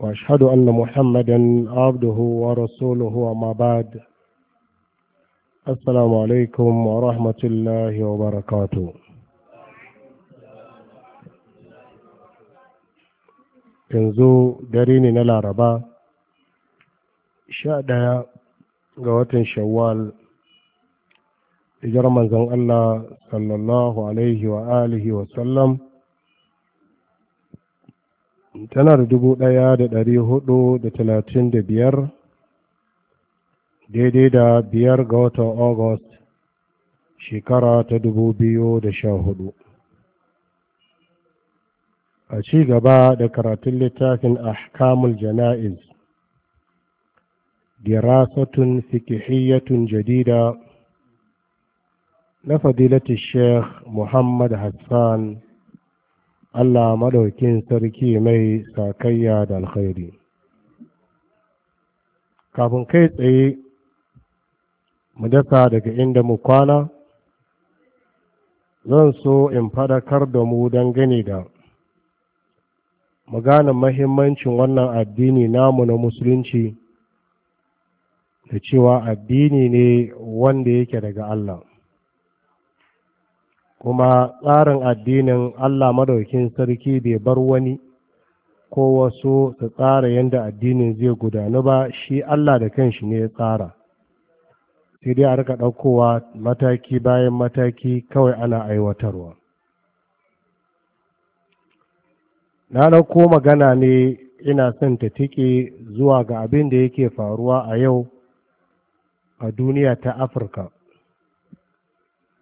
واشهد ان محمدا عبده ورسوله وما بعد السلام عليكم ورحمه الله وبركاته yanzu dare ne na laraba sha ɗaya ga watan shawwal hijar manzon allah sallallahu alaihi wa alihi wa sallam tana da dubu ɗaya da ɗari hudu da talatin da biyar daidai da biyar ga watan august shekara ta dubu biyu da sha hudu a ci gaba da karatun littafin ahkamul jana'iz dirasatun fikihiyatun jadida na fadilatun sheikh muhammad hassan Allah madaukin sarki mai sakayya da alkhairi kafin kai tsaye mu dasa daga inda mu kwana zan so in fadakar da mu gani da mu gane mahimmancin wannan addini namu na musulunci da cewa addini ne wanda yake daga Allah kuma tsarin addinin Allah madaukin sarki bai bar wani ko wasu su tsara yadda addinin zai gudanu ba shi Allah da kanshi ne ya tsara sai dai a rika ɗaukowa mataki bayan mataki kawai ana aiwatarwa na ɗauko magana ne ina son ta tike zuwa ga abin da yake faruwa a yau a duniya ta afirka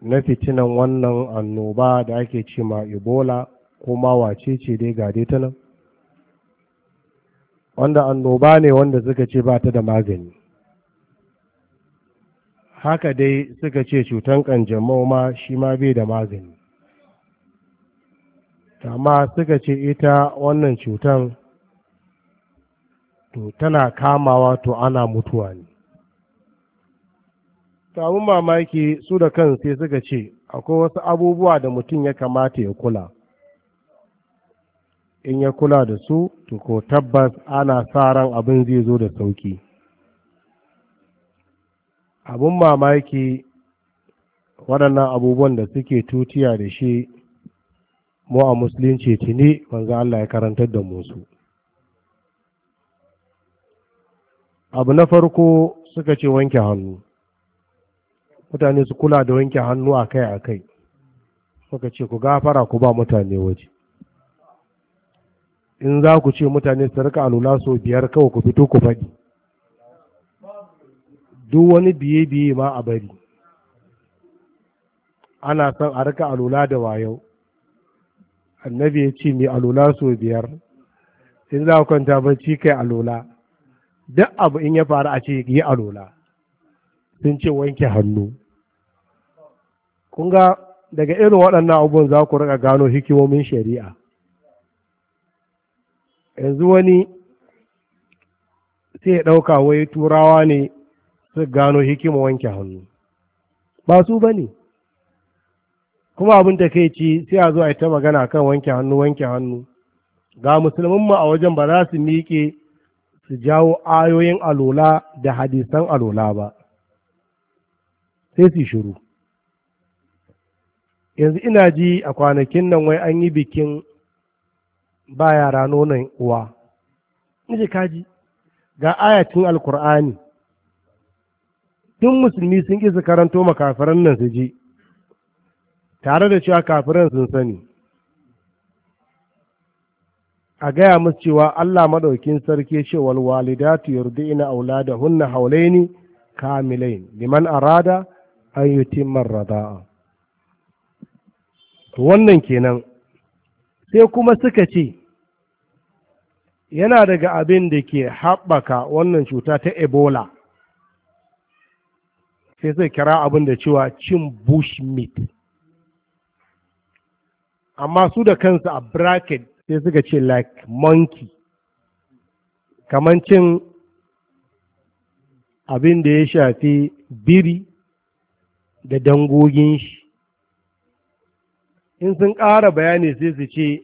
na fitinan wannan annoba da ake ce ma ebola kuma wace ce dai gade ta nan wanda annoba ne wanda suka ce ba ta da magani haka dai suka ce cutan kanjamau ma shi ma bai da magani amma suka ce ita wannan cutan to tana kamawa to ana mutuwa ne abin mamaki su da kan sai suka ce akwai wasu abubuwa da mutum ya kamata ya kula in ya kula da su to ko tabbas ana sa ran abin zai zo da sauki Abin mamaki waɗannan abubuwan da suke tutiya da shi mu a musulunci tuni wanzu Allah ya karantar da musu abu na farko suka ce wanke hannu mutane su kula da wanke hannu a kai a kai suka ce ku gafara ku ba mutane waje in za ku ce mutane su rika alula sau biyar kawai ku fito ku faɗi duk wani biye-biye ma a bari ana son a rika alula da wayau annabi ya ce mai alula sau biyar in za ku kwanta bacci kai alula duk abu in ya faru a ce yi alula sun ce wanke hannu kun ga daga irin waɗannan abubuwan za ku rika gano hikimomin shari'a yanzu wani sai ya ɗauka wai turawa ne su gano hikima wanke hannu ba su ba ne kuma abin da kai ci sai a zo a yi ta magana kan wanke hannu wanke hannu ga mu a wajen ba za su miƙe su jawo ayoyin alola da hadisan alola ba sai su shuru. yanzu ina ji a kwanakin nan wai an yi bikin ba yara nonon uwa nake kaji ga ayatin alkur'ani tun musulmi sun isa su karanto makafiran nan su ji tare da cewa kafiran sun sani a gaya musu cewa Allah maɗaukin sarki ina aula walidatu hunna auladahunna haulaini kamilain liman arada an yutimma rada'a wannan kenan sai kuma suka ce yana daga abin da ke haɓaka wannan cuta ta ebola sai sai kira abin da cewa cin bush meat amma su da kansu a bracket sai suka ce like monkey kamar cin abin da ya shafi biri da dangogin shi in sun ƙara bayani sai su ce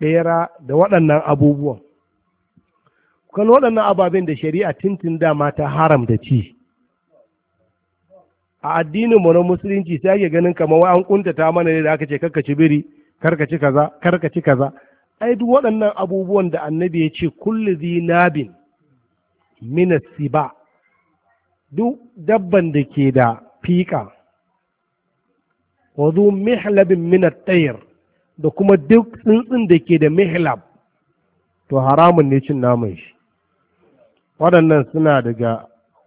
ɓera da waɗannan abubuwan kan waɗannan ababen da shari'a tintin dama ta haramta ci a addinin mu na musulunci sai ake ganin kamar wai an kuntata mana ne da aka ce karkaci biri karkaci kaza karkaci kaza ai duk waɗannan abubuwan da annabi ya ce kullu zinabin min siba duk dabban da ke da fiƙa. wazu mihlabin min at da kuma duk tsuntsun da ke da mihlab to haramun ne cin naman shi waɗannan suna daga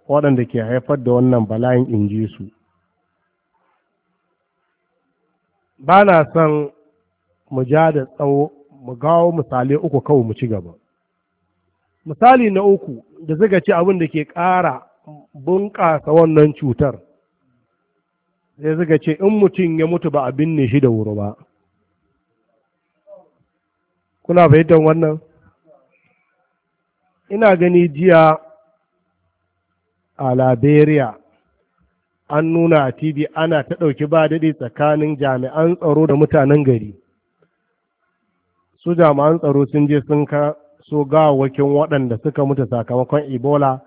waɗanda ke haifar da wannan bala'in inji su ba na son mu ja da tsawo mu gawo misali uku kawai mu ci gaba misali na uku da suka ci abin da ke ƙara bunƙasa wannan cutar sai suka ce in mutum ya mutu ba a binne shi da wuri ba kuna fahimtar wannan ina gani jiya a liberia an nuna a tv ana ta ɗauki ba daɗi tsakanin jami'an tsaro da mutanen gari su jami'an tsaro sun je sun ka so gawakin waɗanda suka mutu sakamakon ebola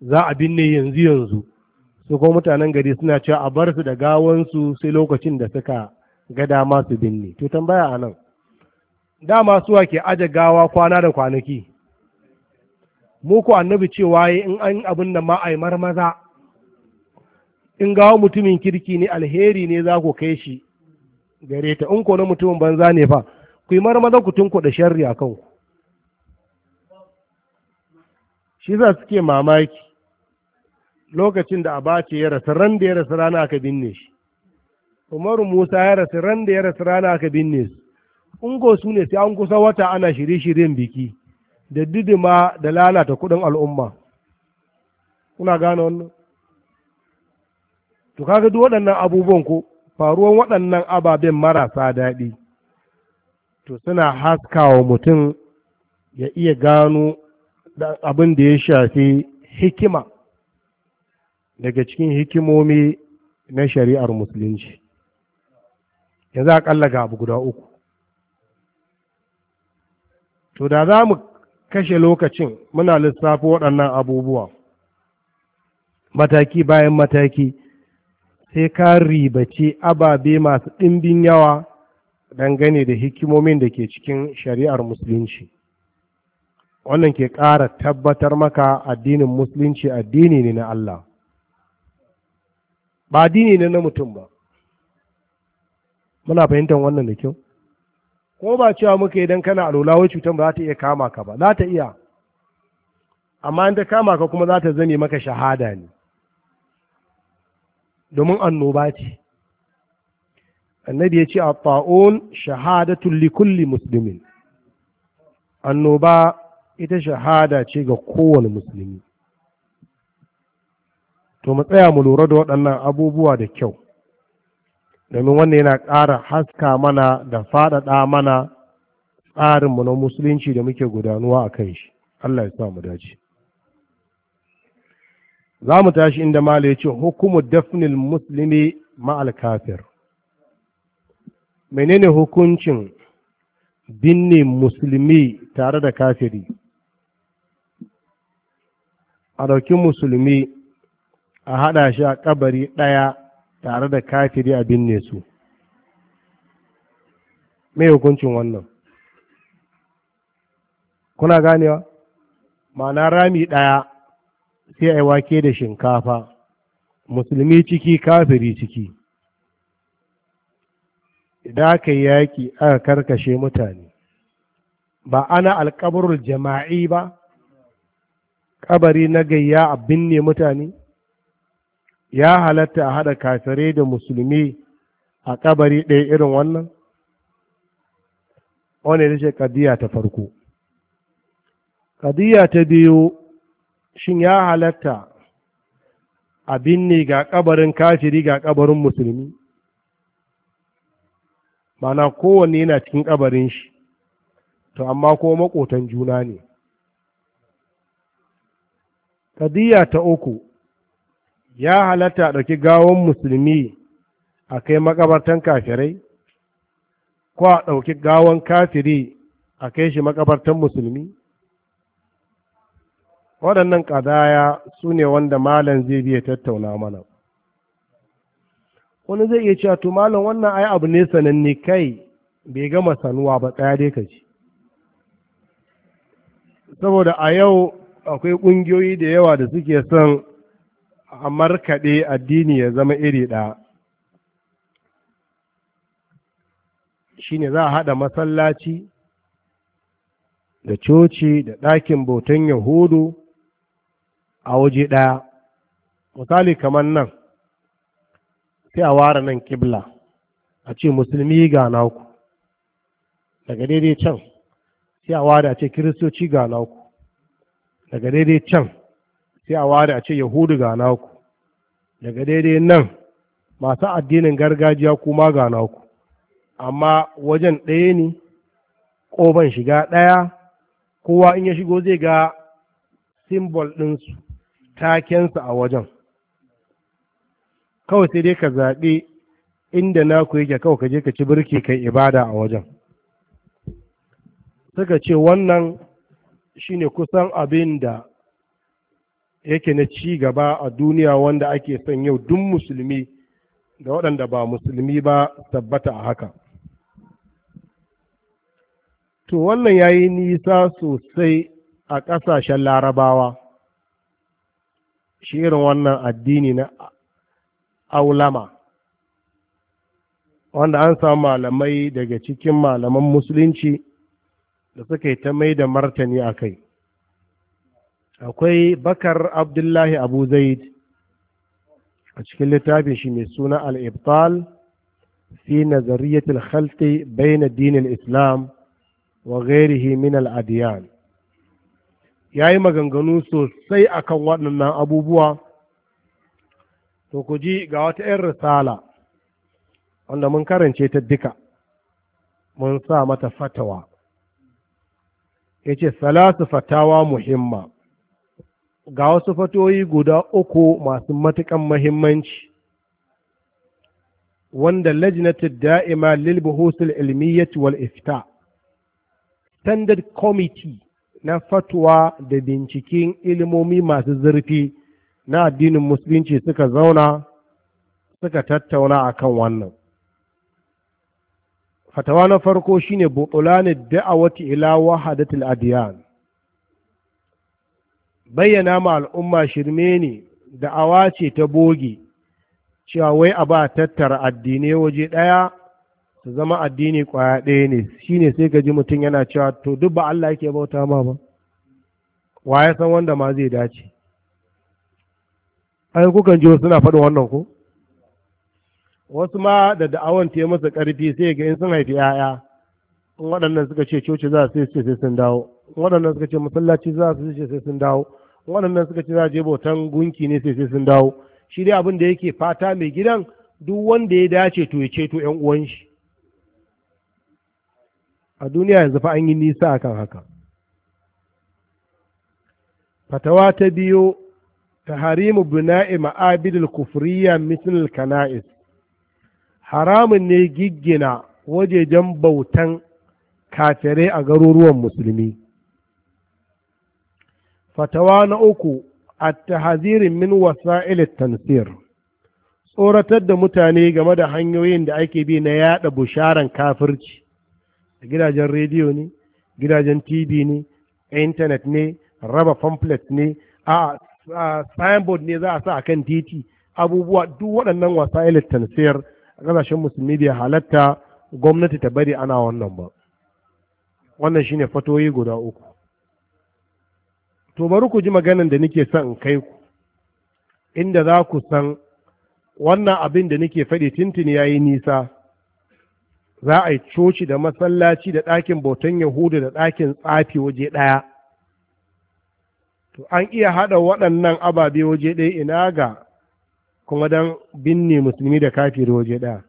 za a binne yanzu yanzu su kuma mutanen gari suna cewa a bar su da gawansu sai lokacin da suka ga dama su binne to tambaya a nan dama suwa ke aje gawa kwana da kwanaki mu ku annabi cewa yi in an abin da ma yi marmaza in gawo mutumin kirki ne alheri ne za ku kai shi gare ta in ko na mutumin banza ne fa ku yi marmaza ku tunku da sharri a kanku shi za suke mamaki lokacin da abace ya rasu ran da ya rasu rana aka binne shi umaru musa ya rasu ran da ya rasu rana aka binne su ungo su ne sai an kusa wata ana shirye-shiryen biki da didima da lalata kuɗin al'umma kuna gane wannan to kaga duk waɗannan abubuwan ko faruwan waɗannan ababen marasa daɗi to suna haskawa mutum ya iya gano abin da ya shafi hikima daga cikin hikimomi na shari'ar musulunci yanzu ƙalla ga abu guda uku to da za mu kashe lokacin muna lissafi waɗannan abubuwa mataki bayan mataki sai ka ribace ababe masu ɗimbin yawa dangane da hikimomin da ke cikin shari'ar musulunci wannan ke ƙara tabbatar maka addinin musulunci addini ne na Allah ba addini ne na mutum ba muna fahimtar wannan da kyau ko ba cewa muka idan kana alola wai cutar ba za ta iya kama ka ba za ta iya amma in ta kama ka kuma za ta zame maka shahada ne domin annoba ce annabi ya ce a fa'on shahadatun likulli musulmin annoba ita shahada ce ga kowane musulmi to mu tsaya mu lura da waɗannan abubuwa da kyau domin wannan yana ƙara haska mana da faɗaɗa mana tsarinmu na musulunci da muke gudanuwa a kan shi allah ya sa mu dace za mu tashi inda mala ya ce hukumu dafnil musulmi ma'al kafir menene hukuncin binne musulmi tare da kafiri a ɗauki musulmi a haɗa shi a ƙabari ɗaya tare da kafiri a binne su mai hukuncin wannan kuna ganewa ma'ana rami ɗaya sai a yi wake da shinkafa musulmi ciki kafiri ciki idan aka yi yaƙi aka karkashe mutane ba ana alƙabarul jama'i ba ƙabari na gayya a binne mutane ya halatta a haɗa kafirai da musulmi a kabari ɗaya irin wannan wani da ce ƙadiyya ta farko ƙadiyya ta biyu shin ya halatta a binne ga ƙabarin kafiri ga ƙabarin musulmi mana kowanne yana cikin kabarin shi to amma ko makotan juna ne ƙadiyya ta uku ya halatta a ɗauki gawon musulmi a kai makabartan kafirai ko a ɗauki gawon kafiri a kai shi makabartan musulmi waɗannan ƙadaya su ne wanda malam zai biya tattauna mana wani zai iya cewa to malam wannan ai abu ne sananne kai bai gama sanuwa ba tsaya dai ka ci saboda a yau akwai ƙungiyoyi da yawa da suke son a markaɗe addini ya zama iri ɗaya shine za a haɗa masallaci da coci da ɗakin bautan yahudu a waje ɗaya misali kamar nan sai a ware nan kibla a ce musulmi ga naku daga daidai can sai a ware a ce kiristoci ga naku daga daidai can sai a ware a ce yahudu ga naku daga daidai nan masu addinin gargajiya kuma ga naku amma wajen ɗaya ne ƙoban shiga ɗaya kowa in ya shigo zai ga simbol ɗinsu takensu a wajen kawai sai dai ka zaɓi inda naku yake kawai ka je ka ci birki kai ibada a wajen suka ce wannan shine kusan abin da yake na ci gaba a duniya wanda ake son yau duk musulmi da waɗanda ba musulmi ba tabbata a haka to wannan ya yi nisa sosai a ƙasashen larabawa shi irin wannan addini na aulama wanda an samu malamai daga cikin malaman musulunci da suka yi ta mai da martani a kai akwai bakar abdullahi abu zaid a cikin littafin shi mai suna al ibfal fi nazariyatul khalti bayna dinil islam wa gairihi min al’adiyan Ya yi maganganu sosai akan waɗannan abubuwa to ku ji ga wata 'yan risala wanda mun karance ta duka mun sa mata fatawa Ya ce salasu fatawa muhimma ga wasu fatoyi guda uku masu matukan mahimmanci wanda lajnatu da'ima lil buhusul ilmiyyah wal ifta standard committee na fatwa da binciken ilimomi masu zurfi na addinin musulunci suka zauna suka tattauna akan wannan fatawa na farko shine butulani da'awati ila wahadatul adiyan bayyana ma al'umma shirme ne da ce ta boge cewa wai a ba tattara addinai waje ɗaya su zama addini ƙwaya ɗaya ne shine sai ka ji mutum yana cewa to duk ba Allah yake bauta ma ba wa ya san wanda ma zai dace ai kukan ji suna faɗin wannan ko wasu ma da da'awan ta yi masa ƙarfi sai ga in sun haifi 'ya'ya waɗannan suka ce coci za su ce sai sun dawo waɗannan suka ce masallaci za su ce sai sun dawo waɗannan suka ce za je bautan gunki ne sai sai sun dawo shi dai abin da yake fata mai gidan duk wanda ya dace to ya ceto ƴan uwan shi a duniya yanzu fa an yi nisa akan haka fatawa ta biyo taharimu bina'i ma'abidul kufriya mislil kana'is haramun ne giggina wajejen bautan kafirai a garuruwan musulmi fatawa na uku a tahzirin min wasa'il tansir tsoratar da mutane game da hanyoyin da ake bi na yada busharan kafirci a gidajen rediyo ne gidajen tv ne intanet ne raba pamphlet ne a signboard ne za a sa a kan titi abubuwa duk waɗannan wasa tansir a ƙasashen musulmi bai halatta gwamnati ta bari ana wannan ba wannan shi ne fatoyi guda uku to bari ku ji maganan da nike son in kai ku inda za ku san wannan abin da nike faɗi tintin ya yi nisa za a yi coci da masallaci da ɗakin bautan yahudu da ɗakin tsafi waje ɗaya to an iya haɗa waɗannan ababe waje ɗaya ina ga kuma don binne musulmi da kafiri waje ɗaya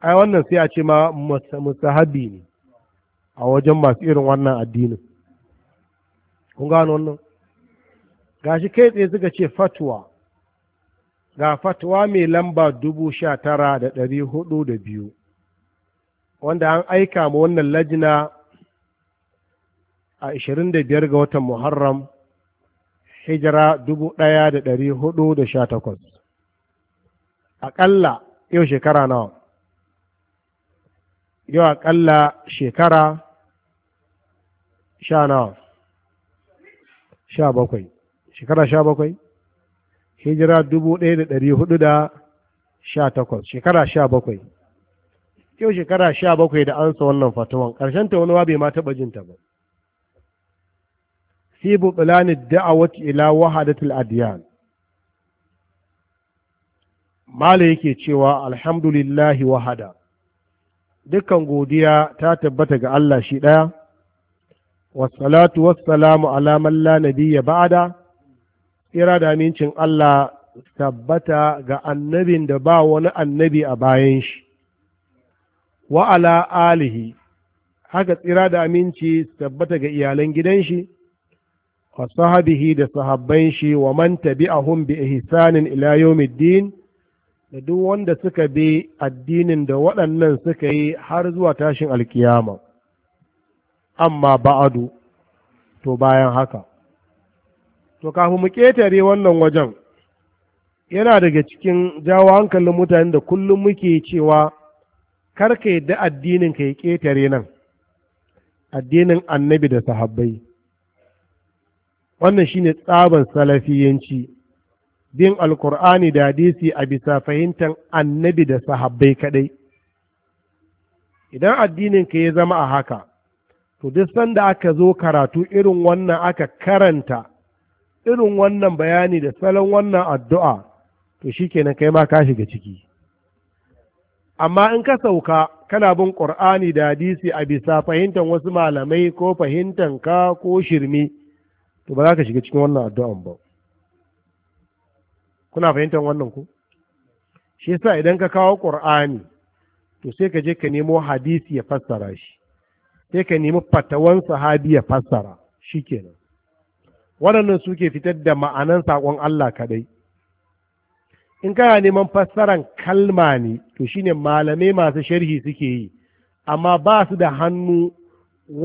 ai wannan sai a ce ma musahabi ne a wajen masu irin wannan addinin kun gano wannan shi kai tsaye suka ce fatwa ga fatwa mai lamba dubu sha tara da ɗari hudu da biyu wanda an aika ma wannan lajina a da biyar ga watan muharram hijira takwas. aƙalla yau shekara nawa yau aƙalla shekara sha nawa sha bakwai shekara sha bakwai hijira dubu ɗaya da ɗari hudu da sha takwas shekara sha bakwai yau shekara sha bakwai da an sa wannan fatawan ƙarshen ta wani bai ma taɓa jinta ba fi da'a da'awati ila wahadatul adiyan mala yake cewa alhamdulillahi wahada dukkan godiya ta tabbata ga Allah shi ɗaya wasalatu wasalamu alaman Lanabi ya nabiyya ba'da tsira da amincin Allah tabbata ga annabin da ba wani annabi a bayan shi wa ala alihi haka tsira da aminci tabbata ga iyalan gidan shi wa sahabihi da sahabban shi wa man tabi'ahum bi ihsanin ila yawmiddin da duk wanda suka bi addinin da waɗannan suka yi har zuwa tashin alkiyama amma ba'adu to bayan haka to kafin mu ƙetare wannan wajen yana daga cikin jawo hankalin mutane da kullum muke cewa karka yadda addinin ka yi ƙetare nan addinin annabi da sahabbai wannan shine tsaban salafiyanci bin alkur'ani da hadisi a bisa fahimtar annabi da sahabbai kadai idan addininka ya zama a haka to duk sanda aka zo karatu irin wannan aka karanta irin wannan bayani da salon wannan addu'a to shikenan kai ma ka shiga ciki amma in ka sauka kana bin ƙur'ani da hadisi a bisa fahimtar wasu malamai ko fahimtar ka ko shirme to ba za ka shiga cikin wannan addu'an ba kuna fahimtar wannan ku shi yasa idan ka kawo ƙur'ani to sai ka je ka nemo hadisi ya fassara shi sai ka nemi fatawan sahabi ya fassara shi kenan waɗannan suke fitar da ma'anan sakon Allah kaɗai in kana neman fassaran kalma ne to shine malamai masu sharhi suke yi amma ba su da hannu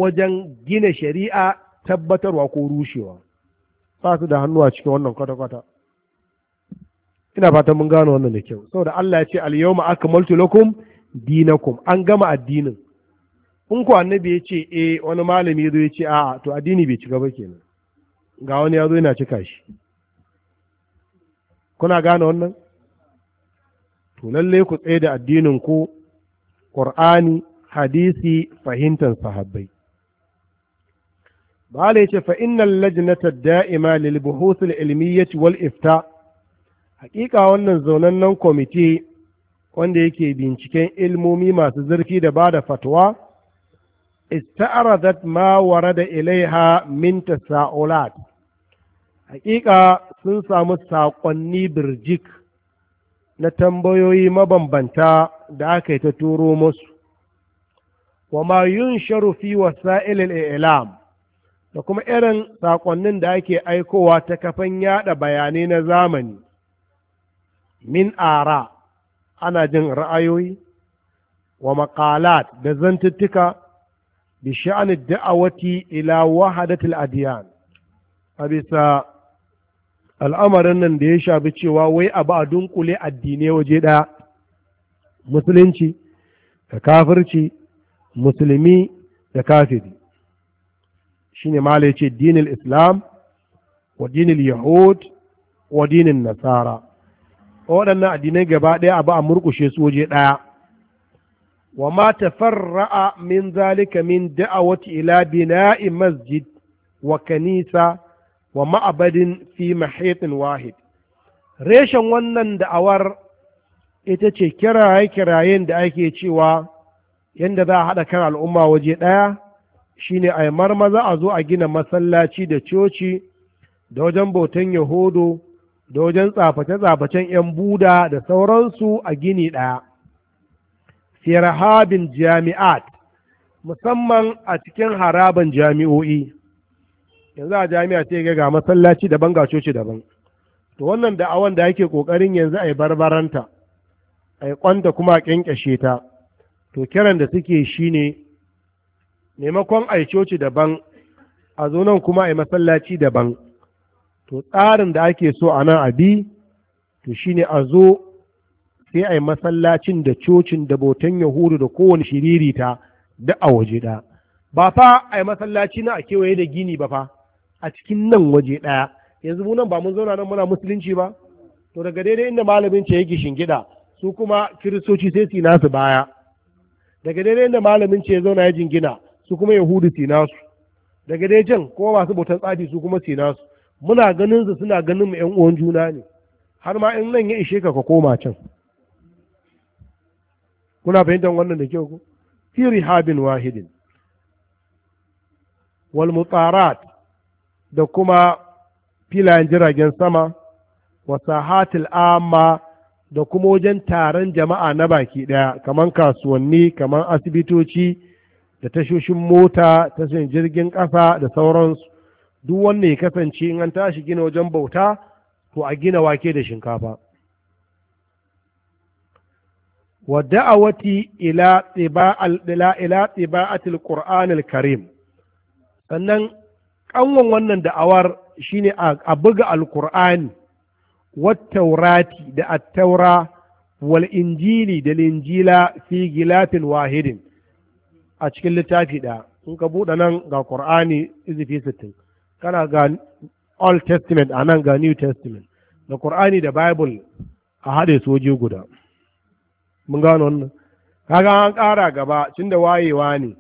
wajen gina shari'a tabbatarwa ko rushewa ba su da hannu a cikin wannan kwata-kwata ina fatan mun gano wannan da kyau saboda Allah ya ce al-yawma akmaltu lakum dinakum an gama addinin in ku annabi ya ce eh wani malami ya zo ya ce a'a to addini bai cika ba kenan ga wani ya zo yana cika shi kuna gane wannan to lallai ku tsaye da addinin ku qur'ani hadisi fahimtar sahabbai ya ce fa innal lajnata da'ima lil buhuth ilmiyyati wal ifta hakika wannan zaunannen kwamiti wanda yake binciken ilmomi masu zurfi da ba da fatwa ista'aradat ma da ilaiha Minta Sa'olat hakika sun samu saƙonni birjik na tambayoyi mabambanta da aka yi ta turo musu wa ma sharufi fi da kuma irin saƙonnin da ake aikowa ta kafan yada bayanai na zamani min ara ana jin ra'ayoyi wa maqalat da zantuttuka bi sha'ani da'awati ila wahadatul adiyan a bisa al'amarin nan da ya shafi cewa wai a ba dunkule addinai waje ɗaya musulunci da kafirci musulmi da kafiri shine mala yace dinil islam wa dinil yahud wa dinin nasara waɗannan addinai gaba ɗaya abu a murƙushe su waje ɗaya wa ma tafarra'a min zalika min da'awati ila bina'i masjid wa kanisa wa ma'abadin fi mahitin wahid reshen wannan da'awar ita ce kiraye-kirayen da ake cewa yadda za a haɗa kan al'umma waje ɗaya shine a marmaza a zo a gina masallaci da coci da wajen bautan yahudu da wajen tsaface-tsafacen 'yan buda da sauransu a gini ɗaya firhabin jami'at musamman a cikin haraban jami'o'i yanzu a jami'a ce ga masallaci daban ga coci daban to wannan da'awan da ake ƙoƙarin yanzu a yi barbaranta a yi kwanta kuma a ƙyanƙyashe ta to kiran da suke shi ne maimakon a yi coci daban a zo nan kuma a yi masallaci daban to tsarin da ake so a nan abi to shine a zo sai a yi masallacin da cocin da botan yahudu da kowane shiririta da a waje ɗaya ba fa a yi masallaci na a kewaye da gini ba fa a cikin nan waje ɗaya yanzu mu nan ba mun zauna nan muna musulunci ba to daga daidai inda malamin ce yake shingida su kuma kiristoci sai su nasu baya daga daidai inda malamin ce ya zauna ya jingina su kuma yahudu su nasu daga dai jan kuma masu bautan tsafi su kuma su nasu muna ganin su suna ganin mu ƴan uwan juna ne har ma in nan ya ishe ka ka koma can kuna fahimtar wannan da kyau ko fi rihabin wahidin wal mutarat da kuma filayen jiragen sama wa sahatil amma da kuma wajen taron jama'a na baki ɗaya kamar kasuwanni kamar asibitoci da tashoshin mota tashin jirgin ƙasa da sauransu duk wanda ya kasance in an tashi gina wajen bauta to a gina wake da shinkafa wa da'awati ila ila tiba'atil qur'anil karim sannan kanwan wannan da'awar shine a buga alqur'ani wat taurati da at-taura wal injili da linjila fi gilafin wahidin a cikin littafi ɗaya in ka buɗe nan ga ƙur'ani izifi sittin kana ga old testament a nan ga new testament da kur'ani da bible a haɗe soji guda mun gano wannan kaga an ƙara gaba tun da wayewa ne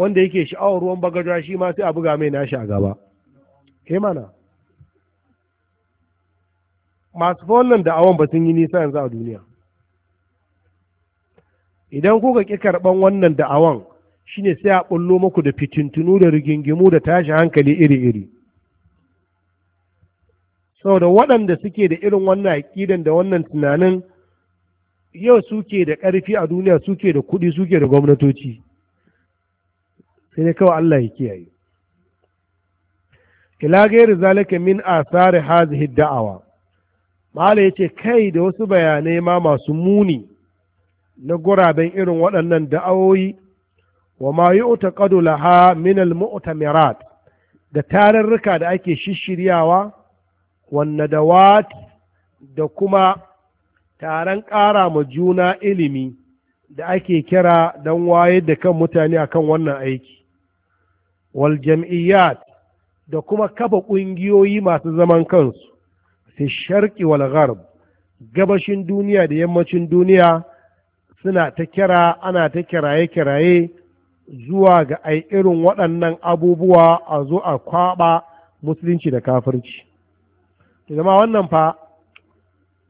wanda yake sha'awar ruwan bagaja shi ma sai a buga mai nashi a gaba ke mana masu fallon da awon ba sun yi nisa yanzu a duniya idan kuka ƙi karɓan wannan da'awan shine sai a bullo muku da fitintunu da rigingimu da tashi hankali iri-iri saboda waɗanda suke da irin wannan aƙidan da wannan tunanin yau suke da ƙarfi a duniya suke da kuɗi suke da gwamnatoci sai dai kawai Allah ya kiyaye ila gairi zalika min asari hazihi da'awa mala yace kai da wasu bayanai ma masu muni na guraben irin waɗannan da'awoyi wa ma yu'taqadu laha min al-mu'tamirat da tararruka da ake shishiryawa wanne dawat da kuma taron ƙara ma juna ilimi da ake kira don wayar da kan mutane akan wannan aiki wal jam'iyyat da kuma kafa ƙungiyoyi masu zaman kansu fi sharqi wal gharb gabashin duniya da yammacin duniya suna ta kira ana ta kiraye-kiraye zuwa ga ai irin waɗannan abubuwa a zo a kwaɓa musulunci da kafirci to zama wannan fa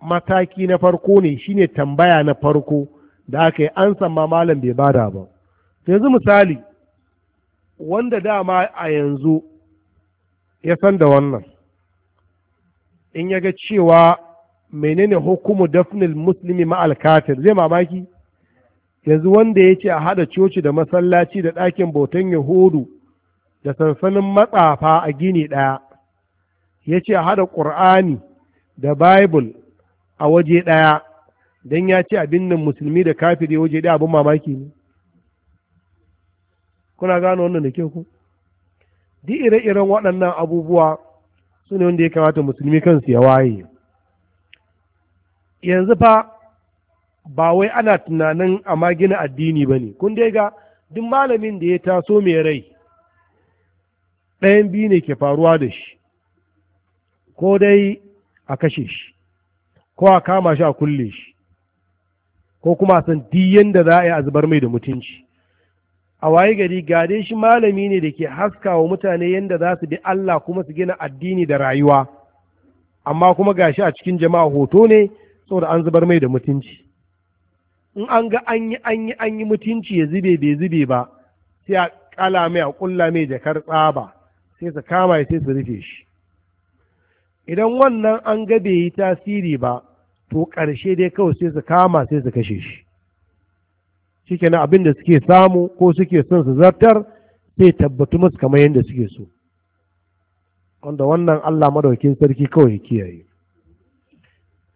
mataki na farko ne shine tambaya na farko da aka yi an samma malam bai bada ba yanzu misali wanda dama a yanzu ya san da wannan in ya ga cewa menene hukumu dafnil muslimi ma'alkatir zai mamaki yanzu wanda ya ce a haɗa coci da masallaci da ɗakin bautan yahudu da sansanin matsafa a gini ɗaya ya ce a haɗa ƙur'ani da bible a waje ɗaya don ya ce abin nan musulmi da kafiri waje ɗaya abin mamaki ne kuna gano wannan da ke ku duk ire-iren waɗannan abubuwa su ne wanda ya kamata musulmi kansu ya waye yanzu fa ba wai ana tunanin a gina addini ba ne kun dai ga duk malamin da ya taso mai rai ɗayan biyu ne ke faruwa da shi ko dai a kashe shi ko a kama shi a kulle shi ko kuma a san diyan da za a yi a zubar mai da mutunci a waye gari gade shi malami ne da ke haska wa mutane yadda za su bi Allah kuma su gina addini da rayuwa amma kuma gashi a cikin jama'a hoto ne saboda an zubar mai da mutunci in an ga an yi an yi an yi mutunci ya zube bai zube ba sai a kala mai a kulla mai jakar tsaba sai su kama sai su rufe shi idan wannan an ga bai yi tasiri ba to ƙarshe dai kawai sai su kama sai su kashe shi shikenan abin da suke samu ko suke son su zartar sai tabbatu musu kamar yadda suke so wanda wannan Allah madaukin sarki kawai ya kiyaye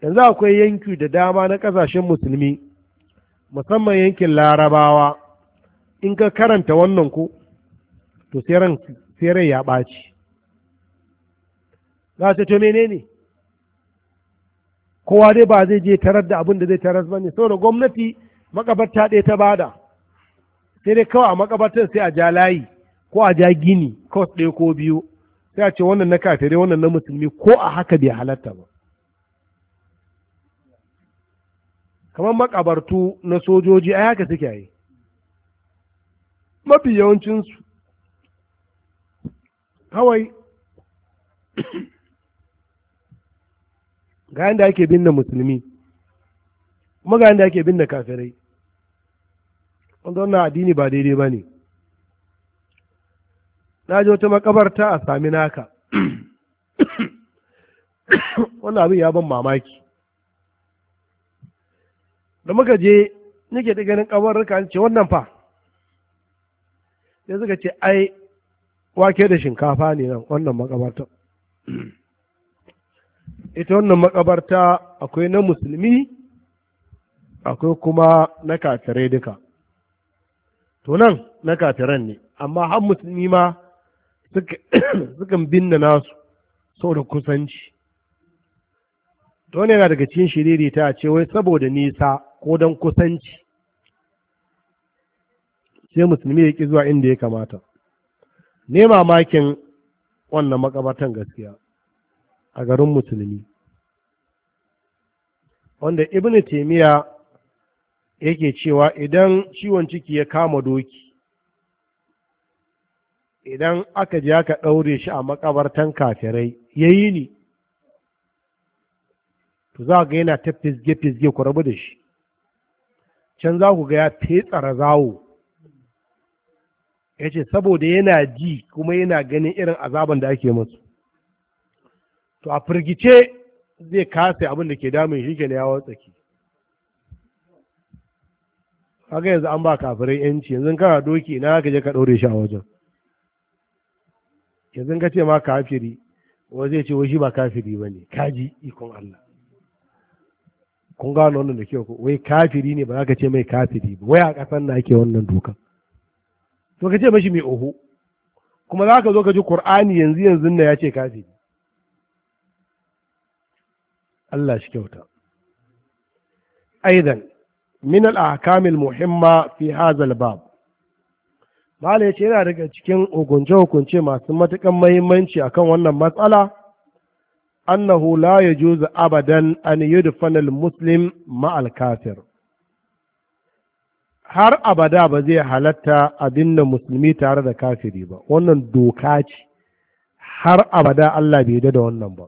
yanzu akwai yanki da dama na ƙasashen musulmi musamman yankin larabawa in ka karanta wannan ko to sai ya ɓaci za su to menene kowa dai ba zai je tarar da abin da zai tarar ba ne saboda gwamnati makabarta ɗaya ta bada sai dai kawai a makabartar sai a ja layi ko a ja gini kawai ɗaya ko biyu sai a ce wannan na kafirai wannan na musulmi ko a haka bai halatta ba kamar makabartu na sojoji a haka suke yi mafi yawancinsu kawai ga yadda ake binne musulmi kuma ga yadda ake binne kafirai wanda wannan addini ba daidai ba ne na ji wata makabarta a sami naka wannan abin ya ban mamaki da muka je nike da ganin kabarruka an ce wannan fa sai suka ce ai wake da shinkafa ne nan wannan makabarta ita wannan makabarta akwai na musulmi akwai kuma na kafirai duka to nan na kafiran ne amma har musulmi ma sukan binne nasu sau da kusanci to ne yana daga cikin shiriri ta ce wai saboda nisa ko don kusanci sai musulmi ya ƙi zuwa inda ya kamata ne mamakin wannan makabatan gaskiya a garin musulmi wanda ibn taimiyya yake cewa idan ciwon ciki ya kama doki idan aka je aka ɗaure shi a makabartan kafirai ya yi ni to za ga yana ta fizge-fizge ku rabu da shi can za ku ga ya fetsara zawo ya ce saboda yana ji kuma yana ganin irin azaban da ake masu to a firgice zai kasa abin da ke damun shi yawon tsaki haka yanzu an ba kafirai yanci yanzu kana doki na ka je ka ɗaure shi a wajen yanzu ka ce ma kafiri wa zai ce wa shi ba kafiri ba ne kaji ikon Allah kun gano wannan da kyau wai kafiri ne ba za ka ce mai kafiri ba wai a ƙasar na ake wannan dokan to ka ce mashi mai oho kuma za ka zo ka ji qur'ani yanzu yanzu na ya ce kafiri Allah shi kyauta aidan min al ahkamil muhimma fi hadha al-bab mala ce yana daga cikin hukunce hukunce masu matukan muhimmanci akan wannan matsala annahu la yajuzu abadan an yudfana al-muslim ma al-kafir har abada ba zai halatta a binne musulmi tare da kafiri ba wannan doka ce har abada Allah bai da wannan ba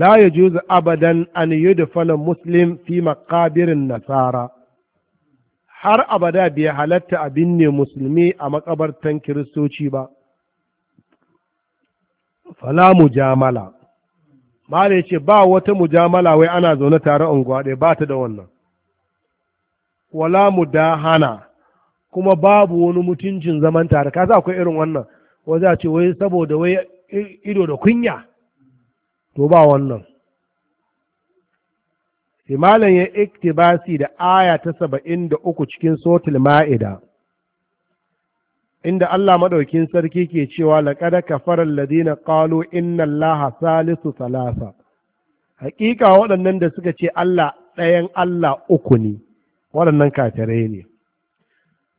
la yajuzu abadan an yudfana muslim fi maqabirin nasara har abada bai halarta a binne musulmi a makabartar kiristoci ba fala mujamala mala ya ce ba wata mujamala wai ana zaune tare unguwa ɗaya ba ta da wannan wala mudahana kuma babu wani mutuncin zaman tare ka za akwai irin wannan wanda ce wai saboda wai ido da kunya to ba wannan Imalan ya iktibasi da aya ta saba'in da uku cikin sotil ma'ida inda Allah maɗaukin sarki ke cewa laƙada kafarar ladina ƙalo inna Allah salisu salasa hakika waɗannan da suka ce Allah ɗayan Allah uku ne waɗannan kafirai ne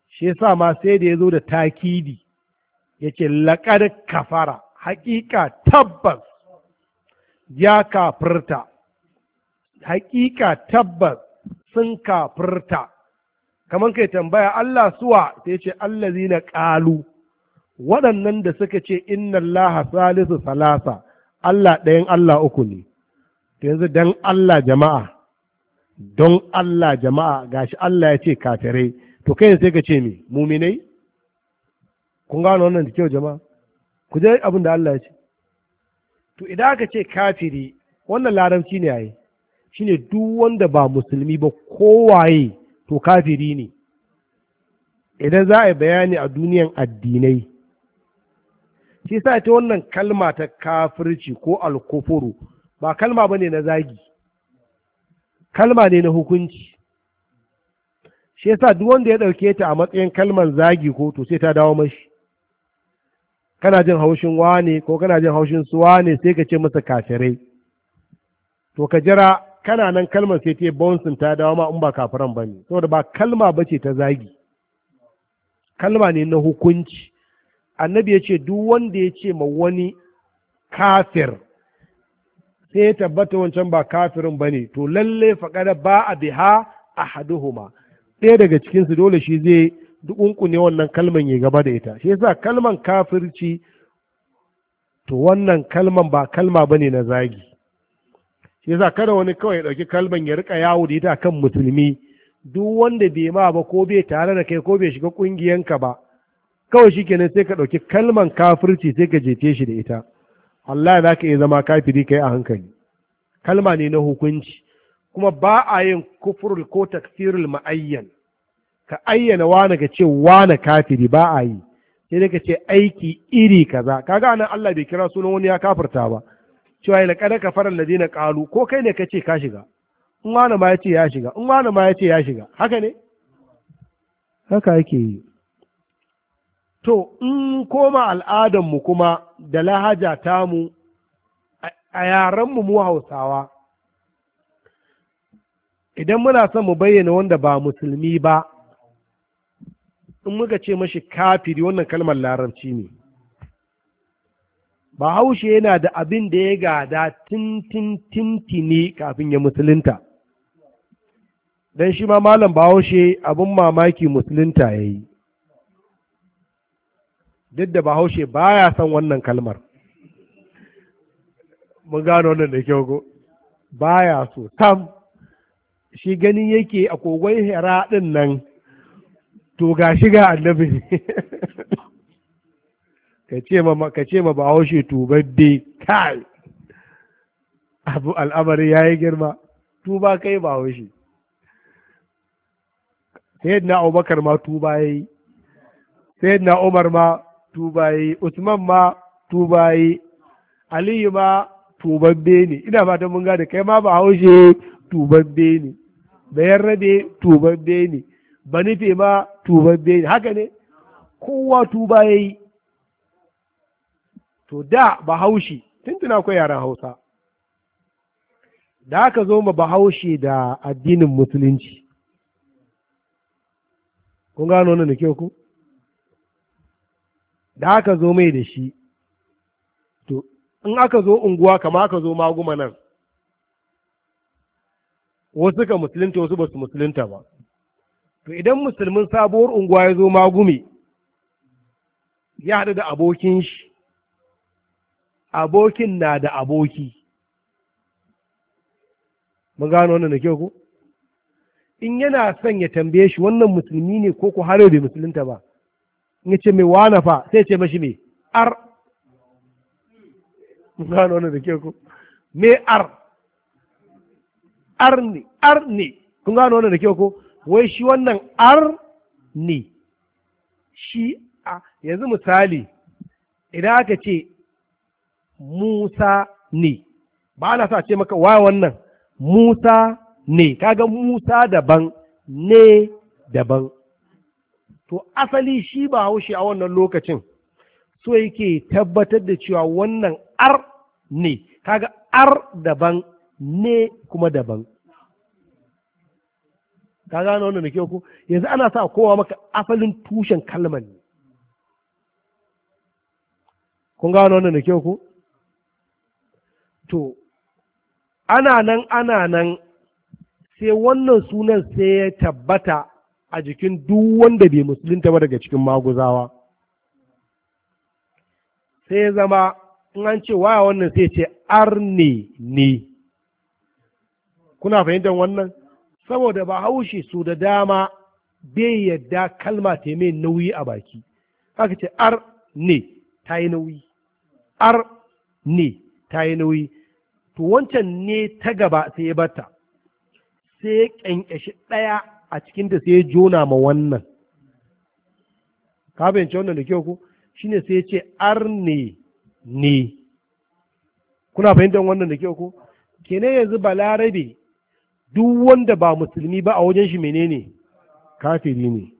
shi yasa ma sai da ya zo da takidi yace ce laƙada kafara hakika tabbas ya kafirta hakika tabbas sun kafirta kamar kai tambaya Allah suwa sai ce zina ƙalu. waɗannan da suka ce inna Allah salisu salasa Allah ɗayan Allah uku ne To yanzu don Allah jama'a don Allah jama'a gashi Allah ya ce kafirai to kai sai ka ce mi muminai kun gano wannan da kyau jama'a ku je abin da Allah ya ce to idan aka ce kafiri wannan larabci ne yayi shine duk wanda ba musulmi ba kowaye to kafiri ne idan za a yi bayani a duniyan addinai shi sa ta wannan kalma ta kafirci ko alkufuru ba kalma ba ne na zagi kalma ne na hukunci shi sa duk wanda ya ɗauke ta a matsayin kalmar zagi ko to sai ta dawo mashi kana jin haushin wane ko kana jin haushin su ne sai ka ce masa kafirai to ka jira kana nan kalmar sai ta yi bouncing ta dawo ma in ba kafiran ba ne saboda ba kalma ba ce ta zagi kalma ne na hukunci annabi ya ce duk wanda ya ce ma wani kafir sai ya tabbata wancan ba kafirin ba ne to lalle faƙada ba a biha a haduhuma ɗaya daga cikinsu dole shi zai ne wannan kalman ya gaba da ita shi yasa kalman kafirci to wannan kalman ba kalma ba ne na zagi shi yasa kada wani kawai ya ɗauki kalman ya rika yawo da ita kan musulmi duk wanda bai ma ba ko bai tare da kai ko bai shiga ƙungiyanka ba kawai shi kenan sai ka ɗauki kalman kafirci sai ka jefe shi da ita Allah za ka iya zama kafiri kai a hankali kalma ne na hukunci kuma ba a yin kufurul ko takfirul ma'ayyan ka ayyana wani ka ce wani kafiri ba a yi sai ka ce aiki iri kaza kaga nan Allah bai kira sunan wani ya kafirta ba cewa ya laƙada ka farar ladina ƙalu ko kai ne ka ce ka shiga in wani ma ya ce ya shiga in wani ma ya ce ya shiga haka ne haka yake yi to in koma al'adanmu kuma da lahaja ta mu a yarenmu mu hausawa idan muna son mu bayyana wanda ba musulmi ba in muka ce mashi kafiri wannan kalmar larabci ne bahaushe yana da abin da ya gada tintintintini kafin ya musulunta don shi ma malam bahaushe abin mamaki musulunta ya yi duk da bahaushe ya son wannan kalmar mun gano wannan da kyau ko ya so tam shi ganin yake a kogon hera ɗin nan to ga shiga annabi ka ce ma ba ce tuba be kai abu al'amari ya yi girma tuba kai bahaushe na abubakar ma tuba ya yayi na umar ma tuba ya yi, usman ma tuba ya yi, aliyu ma tubabbe ne ina fatan mun gane kai ma bahaushe tubabbe ne bayan rabe tubabbe ne ba nufe ma tubabbe ne haka ne kowa tuba ya yi to da bahaushe tuntuna ko yaren hausa da aka zo ma bahaushe da addinin musulunci kun gano wannan da kyau ku da aka zo mai da shi to in aka zo unguwa kama aka zo maguma nan wasu ka musulunta wasu ba su musulunta ba to idan musulmin sabuwar unguwa ya zo magumi ya haɗu da abokin shi abokin na da aboki mun gano wannan da kyau ko in yana son ya tambaye shi wannan musulmi ne ko ko har bai musulunta ba in ya ce mai wana fa sai ce mashi mai ar mun gano wannan da kyau ko me ar ar ne ar ne kun gano wannan da kyau ko wai shi wannan ar ne shi a yanzu misali idan aka ce Musa ne ba ana sa ce maka wa wannan Musa ne kaga Musa daban ne daban to asali shi ba haushi a wannan lokacin so yake tabbatar da cewa wannan ar ne kaga ar daban ne kuma daban ka gano wannan da ke ku yanzu ana sa kowa maka asalin tushen kalmar ne kun gano wannan da ke ku to ana nan ana nan sai wannan sunan sai ya tabbata a jikin duk wanda bai musulunta ba daga cikin maguzawa sai ya zama in an ce waya wannan sai ce arne ne kuna fahimtar wannan saboda ba haushe su da dama bai yadda kalma ta mai nauyi a baki haka ce ar ne ta yi nauyi ar ne ta yi nauyi to wancan ne ta gaba sai ya bata sai ya ƙyanƙyashi ɗaya a cikinta sai ya jona ma wannan ka fahimci wannan da kyau ku ne sai ya ce arne ne kuna fahimtar wannan da kyau ku ne yanzu balarabe duk wanda ba musulmi ba a wajen shi menene kafiri ne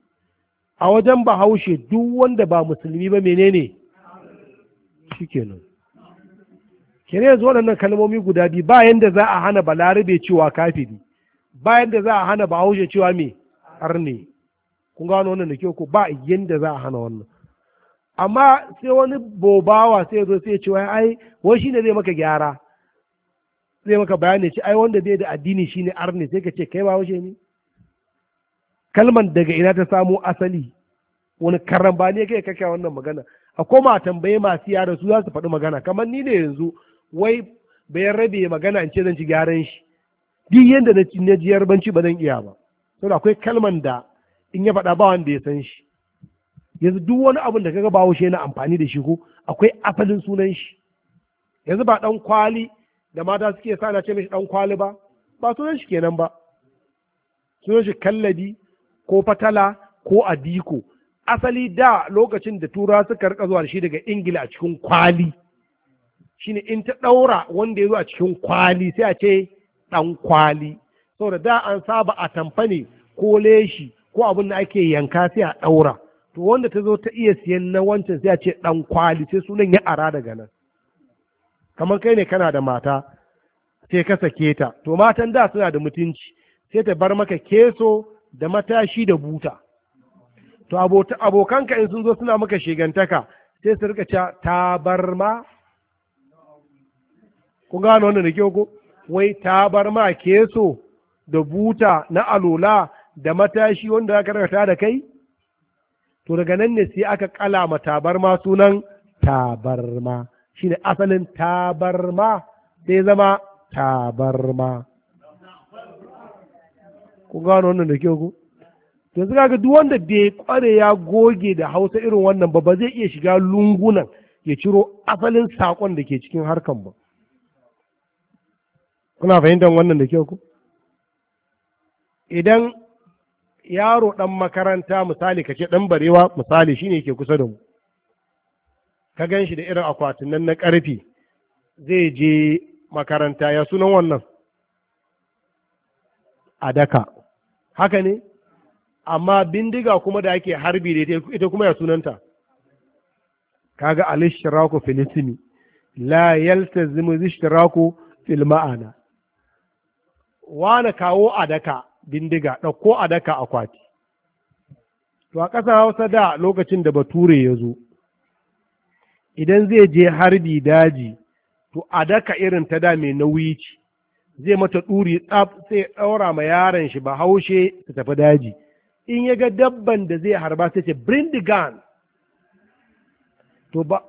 a wajen bahaushe duk wanda ba musulmi ba menene shikenan kene yanzu waɗannan kalmomi guda biyu ba yanda za a hana balarabe cewa kafiri ba yanda za a hana bahaushe cewa me arne kun gano wannan da kyau ko ba yanda za a hana wannan amma sai wani bobawa sai zo sai cewa ai wai shine zai maka gyara zai maka bayani ce ai wanda bai da addini shine arne sai ka ce kai ba washe ne kalman daga ina ta samo asali wani karamba ne kai kake wannan magana a koma tambaye masu yara su za su faɗi magana kamar ni ne yanzu wai bayan rabe magana in ce zan ci gyaran shi duk yadda na ci na jiyar banci ba zan iya ba saboda akwai kalman da in ya faɗa ba wanda ya san shi yanzu duk wani abin da kaga bawo shi yana amfani da shi ko akwai afalin sunan shi yanzu ba dan kwali da mata suke sa na ce mishi dan kwali ba ba sunan shi kenan ba sunan shi kallabi ko fatala ko adiko asali da lokacin da tura suka rika zuwa da shi daga ingila a cikin kwali shine in ta ɗaura wanda ya zo a cikin kwali sai a ce ɗan kwali saboda da an saba a tamfani ko leshi ko abin da ake yanka sai a ɗaura to wanda ta zo ta iya siyan na wancan sai a ce ɗan kwali sai sunan ya ara daga nan kamar kai ne kana da mata sai ka sake ta to matan da suna da mutunci sai ta bar maka keso da matashi da buta to abokanka in sun zo suna maka shigantaka sai su rika ta bar ma kun gano wannan da kyau ko wai tabarma keso da buta na alola da matashi wanda aka rarrata da kai to daga nan ne sai aka kala kalama tabarma sunan tabarma shine asalin tabarma sai zama tabarma ku gano wannan da kyau ku yanzu kaga duk wanda bai kware ya goge da hausa irin wannan ba ba zai iya shiga lungunan ya ciro asalin sakon da ke cikin harkan ba kuna fahimtar wannan da kyau ku idan yaro ɗan makaranta misali ka ce ɗan barewa misali shine ke kusa da mu ka gan shi da irin akwatin nan na ƙarfi zai je makaranta ya sunan wannan a daka haka ne amma bindiga kuma da ake harbi da ita kuma ya sunanta kaga alishiraku filistini la yaltazimu zishiraku fil ma'ana wane kawo a daka bindiga ɗauko a daka akwati to a ƙasar hausa da lokacin da bature ya zo idan zai je harbi daji to a daka irin ta da mai nauyi ce zai mata ɗuri tsaf sai ɗaura ma yaron shi ba haushe su tafi daji in ya ga dabban da zai harba sai ce brindigan to ba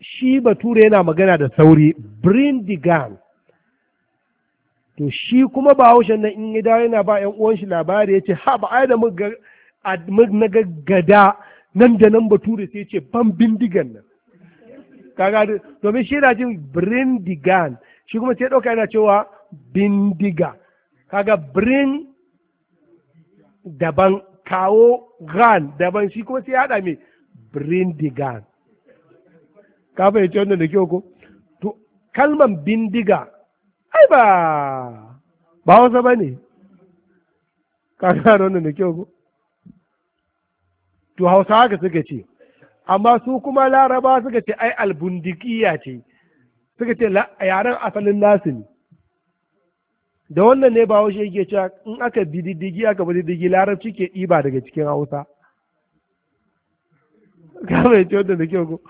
shi bature yana magana da sauri brindigan to shi kuma ba haushen nan in ya dawo yana ba 'yan uwan shi labari ya ce ha ba ai da na gaggada nan da nan bature sai ce ban bindigan nan kaga domin shi yana jin brindigan shi kuma sai ɗauka yana cewa bindiga kaga brin daban kawo gan daban shi kuma sai ya haɗa mai brindigan ka fahimci wannan da kyau ko to kalman bindiga ai ba ba wasa ba ne ka wannan da kyau ba? to hausa haka suka ce amma su kuma laraba suka ce ai albundikiya ce suka ce yaren asalin nasu ne da wannan ne ba wasu yake cewa in aka bi diddigi aka bi diddigi larabci ke iba daga cikin hausa ka mai ce da kyau ko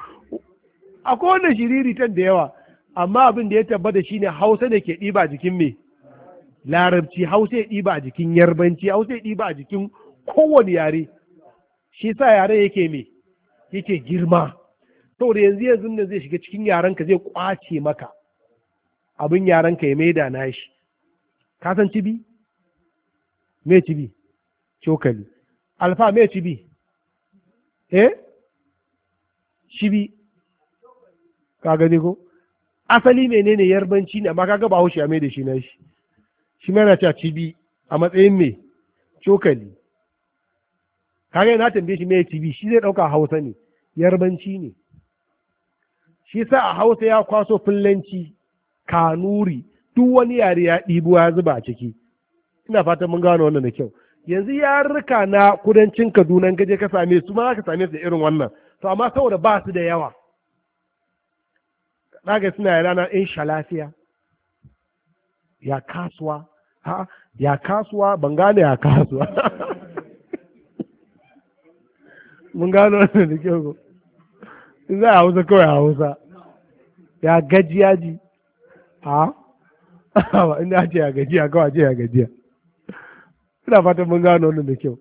akwai wannan shiriritan da yawa amma abin da ya tabbata shine hausa ne ke ɗiba a jikin me larabci hausa ya ɗiba a jikin yarbanci hausa ya ɗiba a jikin kowane yare shi sa yare yake me yake girma saboda yanzu yanzu nan zai shiga cikin yaranka zai kwace maka abin yaranka ya maida na shi ka san cibi me cibi cokali alfa me cibi eh cibi ka gani ko asali menene yarbanci ne amma kaga ba haushi mai da shi na shi shi ma yana cewa cibi a matsayin me cokali kaga na tambaye shi mai cibi shi zai dauka hausa ne yarbanci ne shi sa a hausa ya kwaso fullanci kanuri duk wani yare ya ɗibo ya zuba a ciki ina fatan mun gano wannan da kyau yanzu yarurruka na kudancin kaduna gaje ka same su ma ka same su da irin wannan to amma saboda ba su da yawa daga suna rana in sha lafiya. ya kasuwa ha ya kasuwa ban gane ya kasuwa mun gano wannan da kyau in za a hausa kawai a hausa ya gajiya ji ha ba inda ce ya gajiya kawai ce ya gajiya ina fatan mun gano wannan da kyau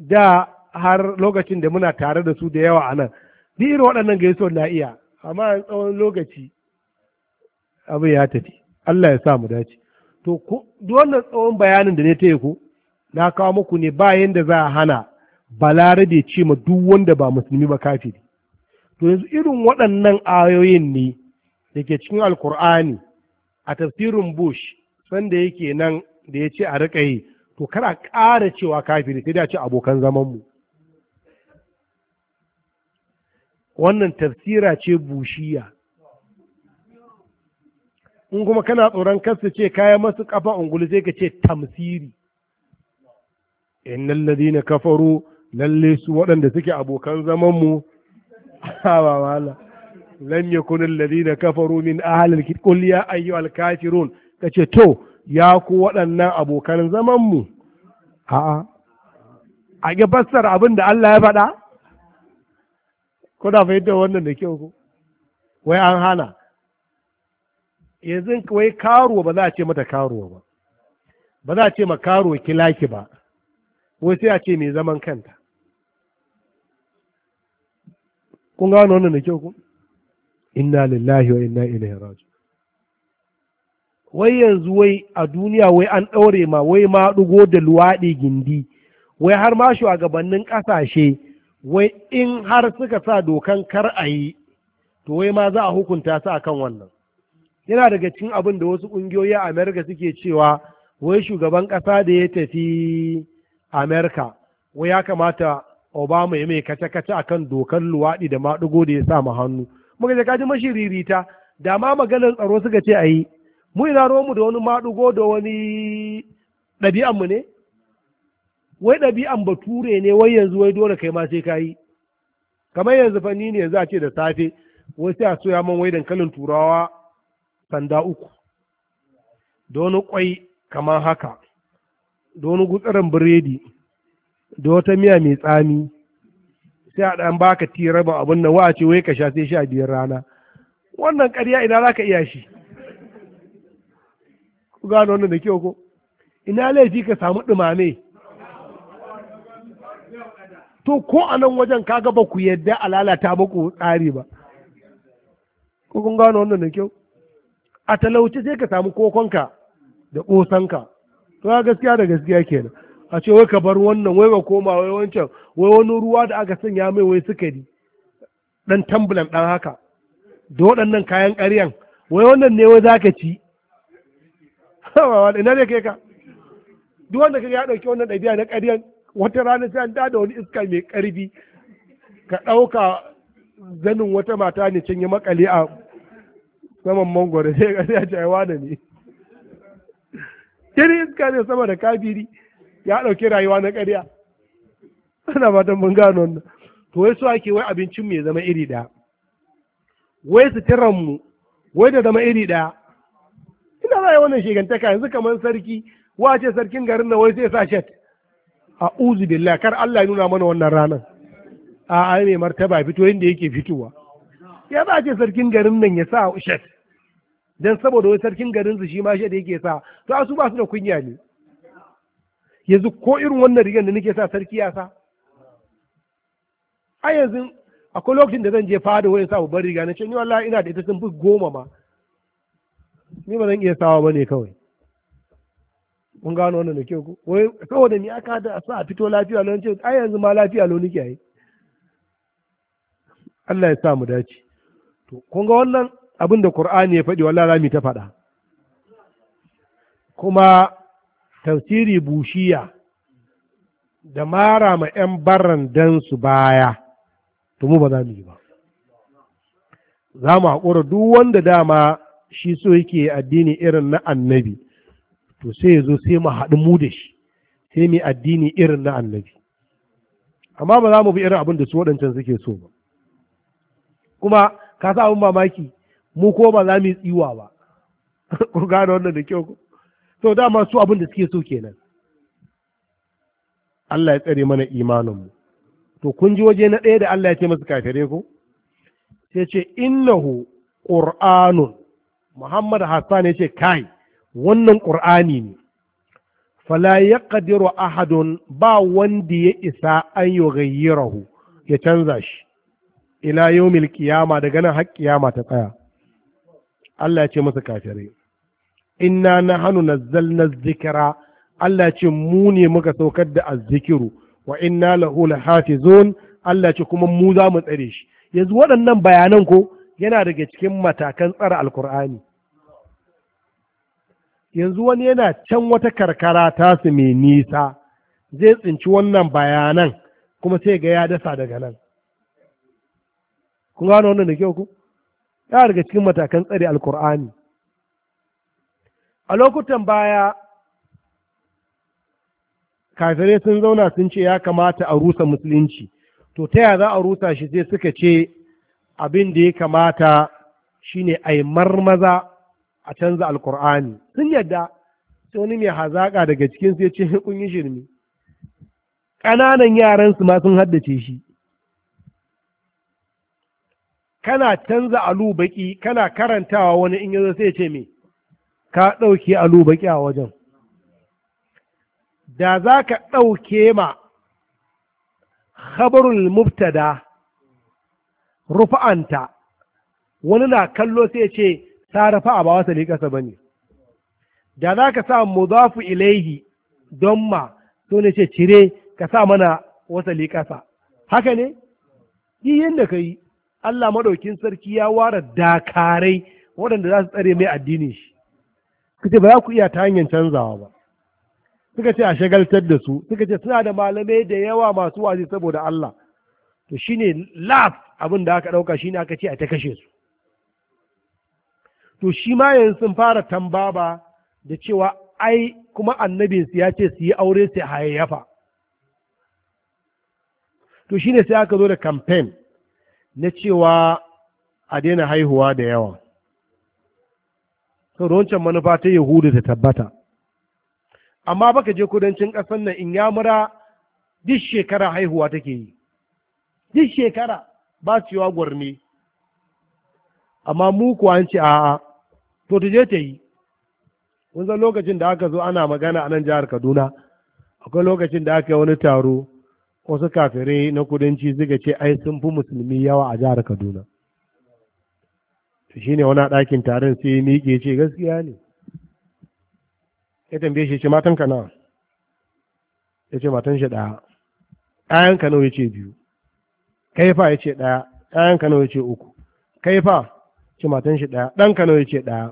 da har lokacin da muna tare da su da yawa a nan irin waɗannan gaisuwar na iya amma tsawon lokaci abin ya tafi Allah ya sa mu dace to wannan tsawon bayanin da ne ta yi ku na kawo muku ne bayan da za a hana da ce ma duk wanda ba musulmi ba kafiri to yanzu irin waɗannan ayoyin ne da ke cikin alkur'ani a tafsirin bush sanda yake nan da ya ce a riƙa yi to kar a ƙara cewa kafiri sai da ce abokan zamanmu wannan tafsira ce bushiya in kuma kana tsoron kasu ce kaya masu kafa ungulu sai ka ce tamsiri innal na kafaru lalle su waɗanda suke abokan zaman mu ba wala lam yakun na kafaru min ahalar kitab ayyu ya ka ce to ya ku waɗannan abokan zaman mu a'a a gabasar abin da Allah ya faɗa kuna fahimtar wannan da kyau ko wai an hana yanzu wai karuwa ba za a ce mata karuwa ba ba za a ce ma karuwa kilaki ba wai sai a ce mai zaman kanta kun gano wannan da kyau ko inna lillahi wa inna ilaihi raji wai yanzu wai a duniya wai an ɗaure ma wai ma ɗugo da luwaɗi gindi wai har ma shugabannin ƙasashe wai in har suka sa dokan kar a yi to wai ma za a hukunta su akan wannan yana daga cikin abin da wasu ƙungiyoyi a amerika suke cewa wai shugaban ƙasa da ya tafi amerika wai ya kamata obama ya mai kace-kace akan dokan luwaɗi da maɗigo da ya sa mu hannu muka je kaji mashiririta da ma maganar tsaro suka ce a yi mu ina mu da wani maɗigo da wani ɗabi'anmu ne wai ɗabi'an bature ne wai yanzu wai dole kai ma sai ka yi kamar yanzu fanni ne yanzu a ce da safe wai sai a soya man wai dankalin turawa sanda uku da wani kwai kamar haka da wani gutsarin biredi da wata miya mai tsami sai a ɗan baka tira ba abin nan wa ce wai ka sha sai sha biyar rana wannan ƙarya ina za ka iya shi ku gano wannan da kyau ko ina laifi ka samu ɗumame to ko a nan wajen kaga ba ku yadda a lalata muku tsari ba ko kun gano wannan da kyau a talauce sai ka samu kokonka da kosanka to ya gaskiya da gaskiya kenan a ce wai ka bar wannan wai ka koma wai wancan wai wani ruwa da aka sanya mai wai sukari dan tambulan dan haka da waɗannan kayan ƙaryan wai wannan ne wai zaka ci ina ne kai ka duk wanda kaga ya ɗauki wannan ɗabi'a na ƙaryan wata rana sai an da wani iska mai ƙarfi ka ɗauka zanin wata mata ne can ya makale a saman mangoro sai ga ya ce wada ne kiri iska ne sama da kafiri ya ɗauki rayuwa na ƙarya ana fatan mun gano wannan to wai su ake wai abincin mu ya zama iri ɗaya wai suturan mu wai da zama iri ɗaya ina za a yi wannan shigantaka yanzu kamar sarki wace sarkin garin na wai sai sa shat a'udhu billahi kar Allah ya nuna mana wannan ranar a ai mai martaba fito inda yake fitowa ya za ce sarkin garin nan ya sa shet dan saboda wai sarkin garin su shi ma da yake sa to su ba su da kunya ne yanzu ko irin wannan rigar da nake sa sarki ya sa a yanzu akwai lokacin da zan je fada wayan sa babbar riga na ce ni wallahi ina da ita sun fi goma ma ni ba zan iya sawa ne kawai mun gano wannan da kyau wai saboda ni aka da sa a fito lafiya lo ce ai yanzu ma lafiya lo nake yi Allah ya sa mu dace to kun ga wannan abin da Qur'ani ya faɗi wallahi rami ta faɗa kuma tafsiri bushiya da mara ma 'yan barran dan su baya to mu ba za mu yi ba za mu haƙura duk wanda dama shi so yake addini irin na annabi to sai ya zo sai mu haɗu mu da shi sai mai addini irin na annabi amma ba za mu bi irin abin da su waɗancan suke so ba kuma ka sa abin mamaki mu ko ba za mu tsiwa ba ku gane wannan da kyau so dama su abin da suke so kenan Allah ya tsare mana imaninmu to kun ji waje na ɗaya da Allah ya ce masu kafire ko sai ce innahu qur'anun Muhammad Hassan ya ce kai wannan ƙur'ani ne fala ya ƙadiru ahadun ba wanda ya isa an yi gayyarahu ya canza shi ila mil kiyama daga nan haƙƙi yama ta tsaya Allah ya ce masa kafirai inna na nazzalna zikira Allah ce mu ne muka saukar da azzikiru wa inna lahu lahafizun Allah ce kuma mu za mu tsare shi yanzu waɗannan bayanan ko yana daga cikin matakan tsara alkur'ani yanzu wani yana can wata karkara ta su mai nisa zai tsinci wannan bayanan kuma sai ga ya dasa daga nan kun gano wannan da kyau ku ya daga cikin matakan tsari alkur'ani a lokutan baya kafirai sun zauna sun ce ya kamata a rusa musulunci to ta yaya za a rusa shi sai suka ce abin da ya kamata shine a yi marmaza a canza alkur'ani sun yadda sai wani mai hazaƙa daga cikin sai ce kun yi shirme ƙananan yaran su ma sun haddace shi kana canza alubaki kana karantawa wani in yazo sai ce me ka ɗauke alubaki a wajen da za ka ɗauke ma khabarul mubtada rufa'anta wani na kallo sai ce ta rafa a ba wasa kasa ba ne da za ka sa muzafu ilaihi don ma to ne ce cire ka sa mana wasa ne kasa haka ne yi yadda ka yi Allah maɗaukin sarki ya ware dakarai waɗanda za su tsare mai addinin shi suka ce ba za ku iya ta hanyar canzawa ba suka ce a shagaltar da su suka ce suna da malamai da yawa masu wazi saboda Allah to shine laf abin da aka ɗauka shine aka ce a ta kashe su to shi ma yanzu sun fara tambaba da cewa ai kuma annabinsu ya ce su yi aure su hayayyafa to shi ne sai aka zo da kamfen na cewa a daina haihuwa da yawa saboda wancan manufa ta yahudu ta tabbata amma baka je kudancin ƙasar nan in yamura duk shekara haihuwa take yi duk shekara ba cewa gwarni amma mu kuwa ce a'a to ta je ta yi kun san lokacin da aka zo ana magana a nan jihar kaduna akwai lokacin da aka yi wani taro wasu kafirai na kudanci suka ce ai sun fi musulmi yawa a jihar kaduna shi ne wani ɗakin taron sai ya miƙe ce gaskiya ne ya tambaye shi ce matan ka nawa ya ce matan shi ɗaya ɗayan ka nawa ya ce biyu kai fa ya ce ɗaya ɗayan ka nawa ya ce uku kai fa ce matan shi ɗaya ɗan ka nawa ya ce ɗaya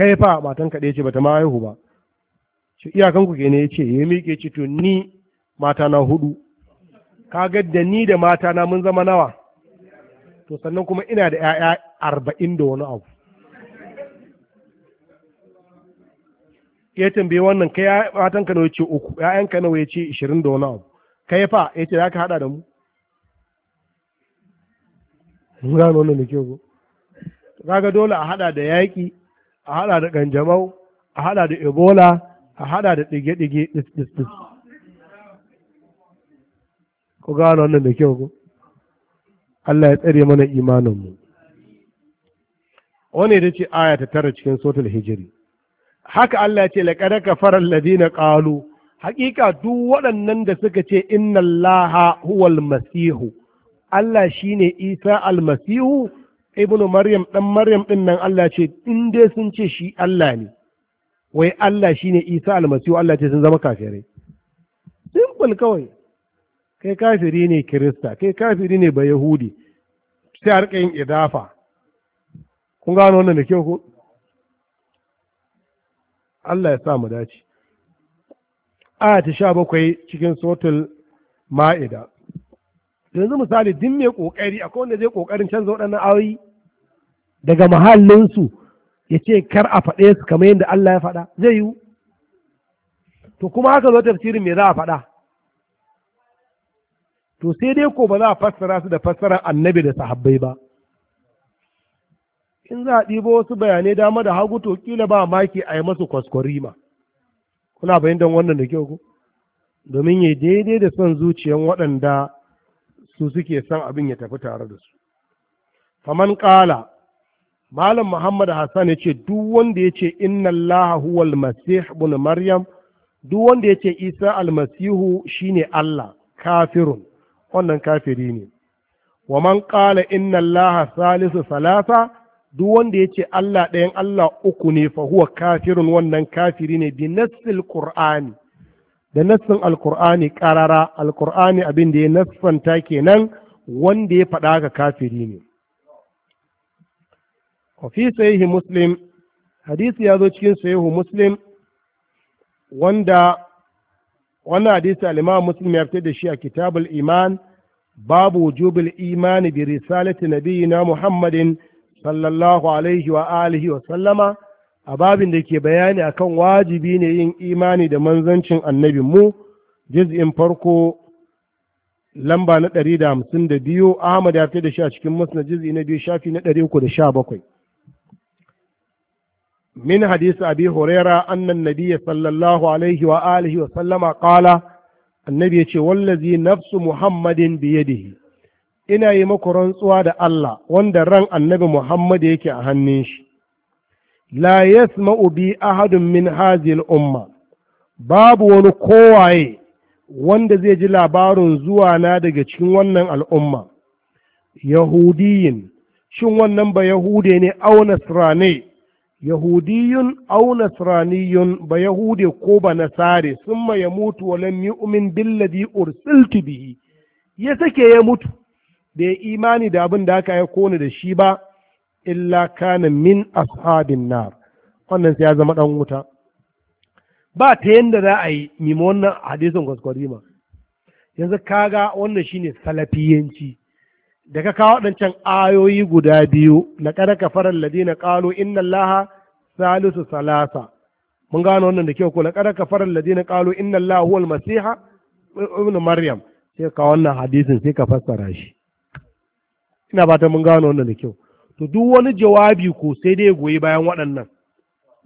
kai fa matan kaɗe ɗaya ce ta ma haihu ba shi iyakan ku kenan yace ya miƙe ce to ni mata na hudu ga da ni da mata na mun zama nawa to sannan kuma ina da 'ya'ya arba'in da wani abu ya tambaye wannan kai ya matan ka nawa ce uku ƴaƴan ka nawa yace 20 da wani abu kai fa yace zaka hada da mu mun gano wannan da kyau kaga dole a hada da yaƙi a hada da ganjamau, a hada da ebola a hada da ɗige-ɗige ɗis-ɗis ku gano wannan da kyau ku Allah ya tsare mana imaninmu wani da ce aya tara cikin sotul hijiri haka Allah ya ce laƙada ka farar ladina ƙalu hakika duk waɗannan da suka ce inna huwal masihu Allah shine Isa almasihu ibnu maryam dan maryam din nan Allah ce in dai sun ce shi Allah ne wai Allah shine Isa almasihu Allah ce sun zama kafirai simple kawai kai kafiri ne kirista kai kafiri ne ba yahudi sai harka yin idafa kun gano wannan da kyau ko Allah ya sa mu dace aya ta sha bakwai cikin sotul ma'ida yanzu misali din mai kokari akwai wanda zai kokarin canza waɗannan awi daga mahallinsu ya ce kar a faɗe su kamar yadda Allah ya faɗa zai yiwu to kuma haka zo tafsirin me za a faɗa to sai dai ko ba za a fassara su da fassarar annabi da sahabbai ba in za a ɗibo wasu bayanai dama da hagu to kila ba maki a yi masu kwaskwari kwaskwarima kuna bayan wannan da kyau ko domin ya daidai da son zuciyan waɗanda su suke son abin ya tafi tare da su faman ƙala malam muhammad hassan ya ce duk wanda ya ce inna allaha huwal masih bin maryam duk wanda ya ce isa almasihu shine allah kafirun wannan kafiri ne wa man ƙala inna allaha salisu salasa duk wanda ya ce allah ɗayan allah uku ne fa huwa kafirun wannan kafiri ne bi nassil qur'ani da nassin alkur'ani karara alkur'ani abin da ya nassanta kenan wanda ya faɗa ga kafiri ne fi sahihi muslim hadisi ya zo cikin sahihu muslim wanda wannan hadisi al-imam muslim ya fitar da shi a kitabul iman babu wujubul imani bi risalati nabiyina muhammadin sallallahu alaihi wa alihi wa sallama a babin da ke bayani akan wajibi ne yin imani da manzancin annabin mu juz'in farko lamba na ɗari da hamsin da biyu ahmad ya fi da shi a cikin musna juz'i na biyu shafi na ɗari uku da sha bakwai min hadisi abi huraira annan nabiyya sallallahu alaihi wa alihi wa sallama qala annabi ya ce wallazi nafsu muhammadin biyadihi ina yi maku rantsuwa da Allah wanda ran annabi Muhammad yake a hannun shi لا يسمع بي ahadun من هذه umma babu wani kowaye wanda zai ji labarin zuwa na daga cikin wannan al'umma yahudiyin shin wannan ba yahude ne au nasrani yahudiyun au nasraniyun ba yahude ko ba nasare summa ya mutu wa lam yu'min ursiltu bihi ya sake ya mutu bai imani da abin da aka yi kone da shi ba illa kana min ashabin nar wannan sai ya zama dan wuta ba ta yanda za a yi mimo wannan hadisin kwaskwarima yanzu kaga wannan shine salafiyanci da ka kawo waɗancan ayoyi guda biyu na kada ka farar ladina qalu inna allaha salisu salasa mun gano wannan da kyau ko na kada ka ladi ladina qalu inna allaha huwal masiha ibn maryam sai ka wannan hadisin sai ka fassara shi ina ba ta mun gano wannan da kyau to duk wani jawabi ko sai dai goyi bayan waɗannan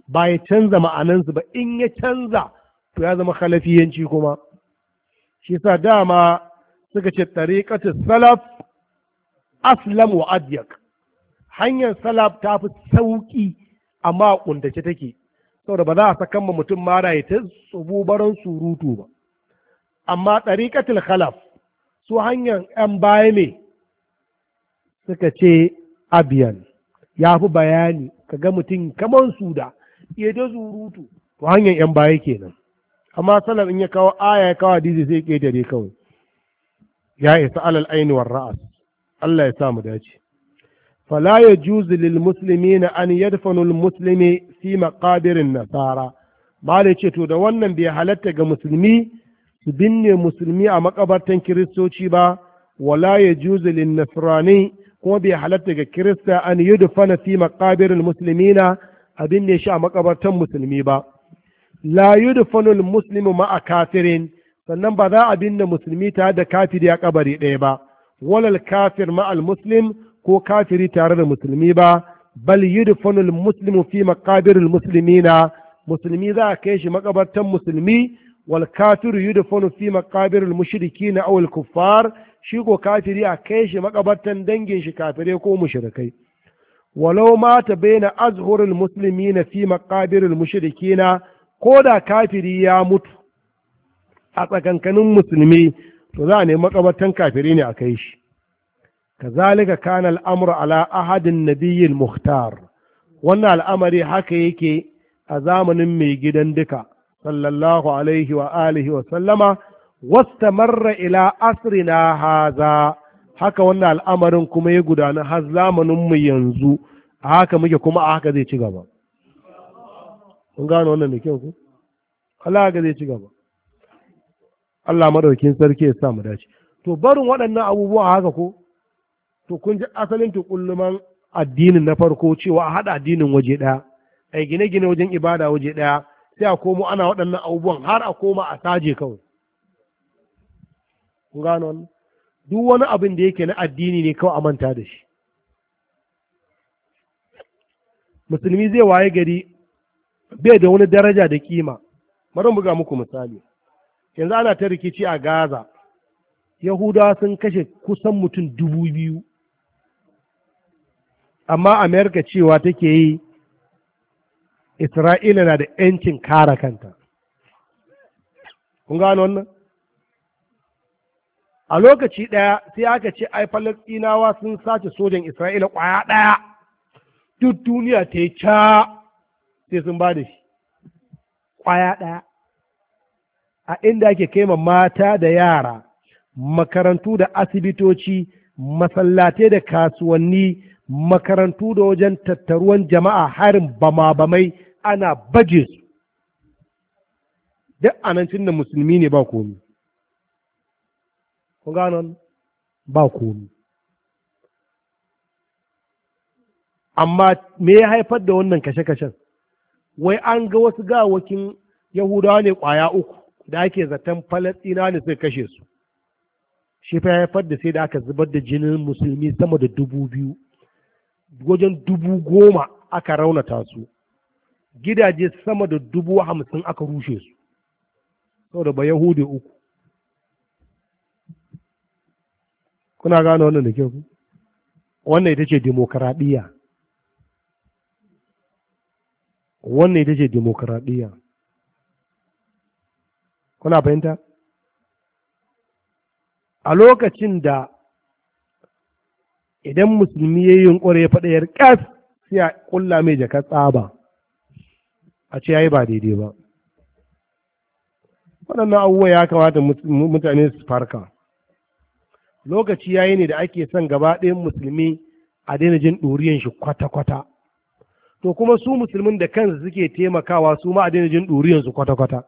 ba ya canza ma'anansu ba in ya canza to ya zama khalafiyanci kuma shi sa dama suka ce tariqatu salaf aslam wa adyak hanyar salaf ta fi sauƙi amma kuntace take saboda ba za a sakan ma mutum mara ya ta tsububaran surutu ba amma tariqatul khalaf su hanyar yan baya ne suka ce abiyan ya fi bayani ka ga mutum kamar su da, ya da surutu to hanyar yan baya kenan amma salam in ya kawo aya ya kawo hadisi sai dare kawai ya isa alal aini ra'as Allah ya sa mu dace fala yajuzu lil muslimina an yadfanu al muslimi fi maqabirin nasara mala ce to da wannan bai halatta ga musulmi su binne musulmi a makabartan kiristoci ba wala yajuzu lin nasrani kuma bai halatta ga kirista an yi dufana fi musulmi na abin ne shi a makabartan musulmi ba la musulmi ma ma'a kafirin sannan ba za a binne musulmi tare da kafiri a kabari ɗaya ba walal kafir al muslim ko kafiri tare da musulmi ba bal yudfanul musulmi fi musulmi na musulmi za a kai shi makabartan musulmi wal kafiru yudfanu fi maqabiril mushrikin aw al kuffar shi kafiri a kai shi makabartan dangin shi kafirai ko mushrikai walau mata baina azhuril muslimina fi maqabiril mushrikina ko da kafiri ya mutu a tsakankanin musulmi to za a nemi kafiri ne a kai shi kazalika kana al'amru ala ahadin nabiyyil muhtar wannan al'amari haka yake a zamanin mai gidan duka sallallahu alaihi wa alihi wa sallama wastamarra ila asrina haza haka wannan al'amarin kuma ya gudana har zamaninmu yanzu a haka muke kuma a haka zai ci gaba kun gano wannan da kyau ku Allah haka zai ci gaba Allah madaukin sarki ya sa mu dace to barin waɗannan abubuwa haka ko to kun ji asalin kulluman addinin na farko cewa a haɗa addinin waje ɗaya ai gine-gine wajen ibada waje ɗaya sai a komo ana waɗannan abubuwan har a koma a saje kawai kun gano duk wani abin da yake na addini ne kawai a manta da shi musulmi zai waye gari bai da wani daraja da kima bari buga muku misali yanzu ana ta rikici a gaza yahudawa sun kashe kusan mutum dubu biyu amma amerika cewa take yi isra'ila na da yancin kara kanta kun gano wannan a lokaci ɗaya sai aka ce ai falasɗinawa sun sace sojan isra'ila ƙwaya ɗaya duk duniya ta yi ca sai sun ba da shi ƙwaya ɗaya a inda ake kaima mata da yara makarantu da asibitoci masallatai da kasuwanni makarantu da wajen tattaruwan jama'a harin bama-bamai ana baje su duk anancin da musulmi ne ba komi kun gano ba komi amma me ya haifar da wannan kashe-kashen wai an ga wasu gawakin yahudawa ne kwaya uku da ake zaton falastina ne suka kashe su shi fa haifar da sai da aka zubar da jinin musulmi sama da dubu biyu wajen dubu goma aka raunata su gidaje sama da dubu hamsin aka rushe su saboda ba yahude uku kuna gane wannan da ke ku wannan ita ce demokaradiyya wannan ita ce demokaradiyya kuna fahimta a lokacin da idan musulmi ya yi yunƙuri ya faɗa ƙas sai a ƙulla mai jaka tsaba a ce yayi ba daidai ba waɗannan abubuwa ya kamata mutane su farka lokaci yayi ne da ake son gaba ɗayan musulmi a daina jin ɗoriyan shi kwata-kwata to kuma su musulmin da kansu suke taimakawa su ma a daina jin ɗoriyan su kwata-kwata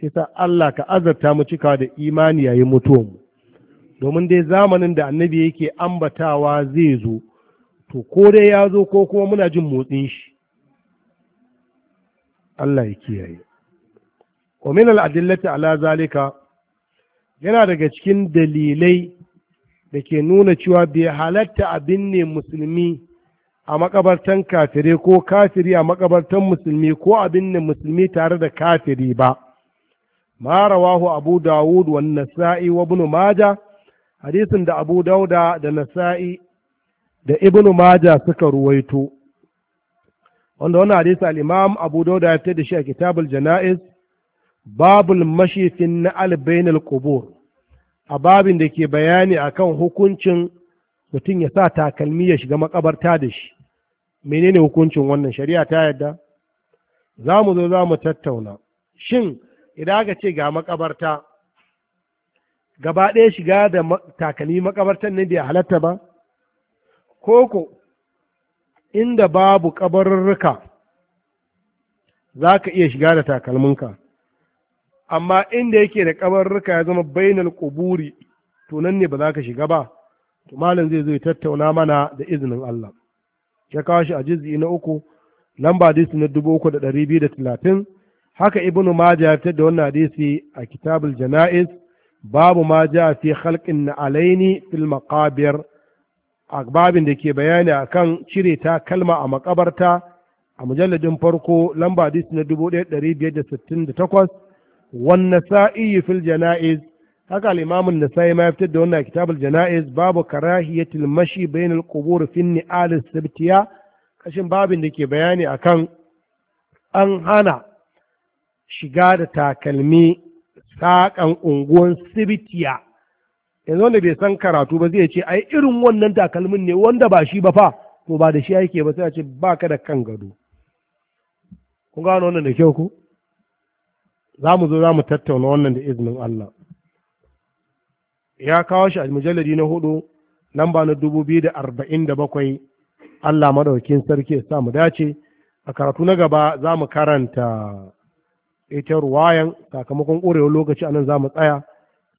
sai sa Allah ka azarta mu cika da imani yayin mutuwanmu domin dai zamanin da annabi yake ambatawa zai zo to ko dai ya zo ko kuma muna jin motsin shi Allah ya kiyaye wa min adillati ala zalika yana daga cikin dalilai da ke nuna cewa bai halatta abin ne musulmi a makabartan kafire ko kafiri a makabartan musulmi ko abin ne musulmi tare da kafiri ba ma rawahu abu dawud wa nasa'i wa ibn maja hadisin da abu dauda da nasa'i da ibn maja suka ruwaito wanda wannan hadisi al-imam abu dauda ya fitar da shi a kitabul jana'iz babul mashi na na'al bainal qubur a babin da ke bayani akan hukuncin mutum ya sa takalmi ya shiga makabarta da shi menene hukuncin wannan shari'a ta yadda za mu zo za mu tattauna shin idan aka ce ga makabarta gaba ɗaya shiga da takalmi makabartan ne bai halatta ba koko inda babu kabarurruka za ka iya shiga da takalminka amma inda yake da kabarurruka ya zama bainal kuburi to nan ne ba za ka shiga ba to malam zai zo tattauna mana da izinin Allah ya kawo shi a jizgi na uku lamba hadisi na dubu uku da ɗari biyu da talatin haka ibnu maja ya fitar da wannan hadisi a kitabul jana'iz babu ma ja fi khalqin na alaini fil maqabir a babin da ke bayani akan cire ta kalma a makabarta a mujalladin farko lamba dis na 1568 wannan sa'i fil jana'iz haka limamin na sa'i ma ya fitar da wannan kitabul jana'iz babu karahiyatul mashi bainal qubur fin ni'al sibtiya kashin babin da ke bayani akan an hana shiga da takalmi saƙan unguwan sibitiya yanzu wanda bai san karatu ba zai ce ai irin wannan takalmin ne wanda ba shi ba fa to ba da shi yake ba sai a ce ba ka da kan gado kun gano wannan da kyau ku za mu zo za mu tattauna wannan da izinin Allah ya kawo shi a mujalladi na hudu lamba na dubu biyu da arba'in da bakwai Allah maɗaukin sarki ya sa mu dace a karatu na gaba za mu karanta ita ruwayan sakamakon ƙorewar lokaci anan za mu tsaya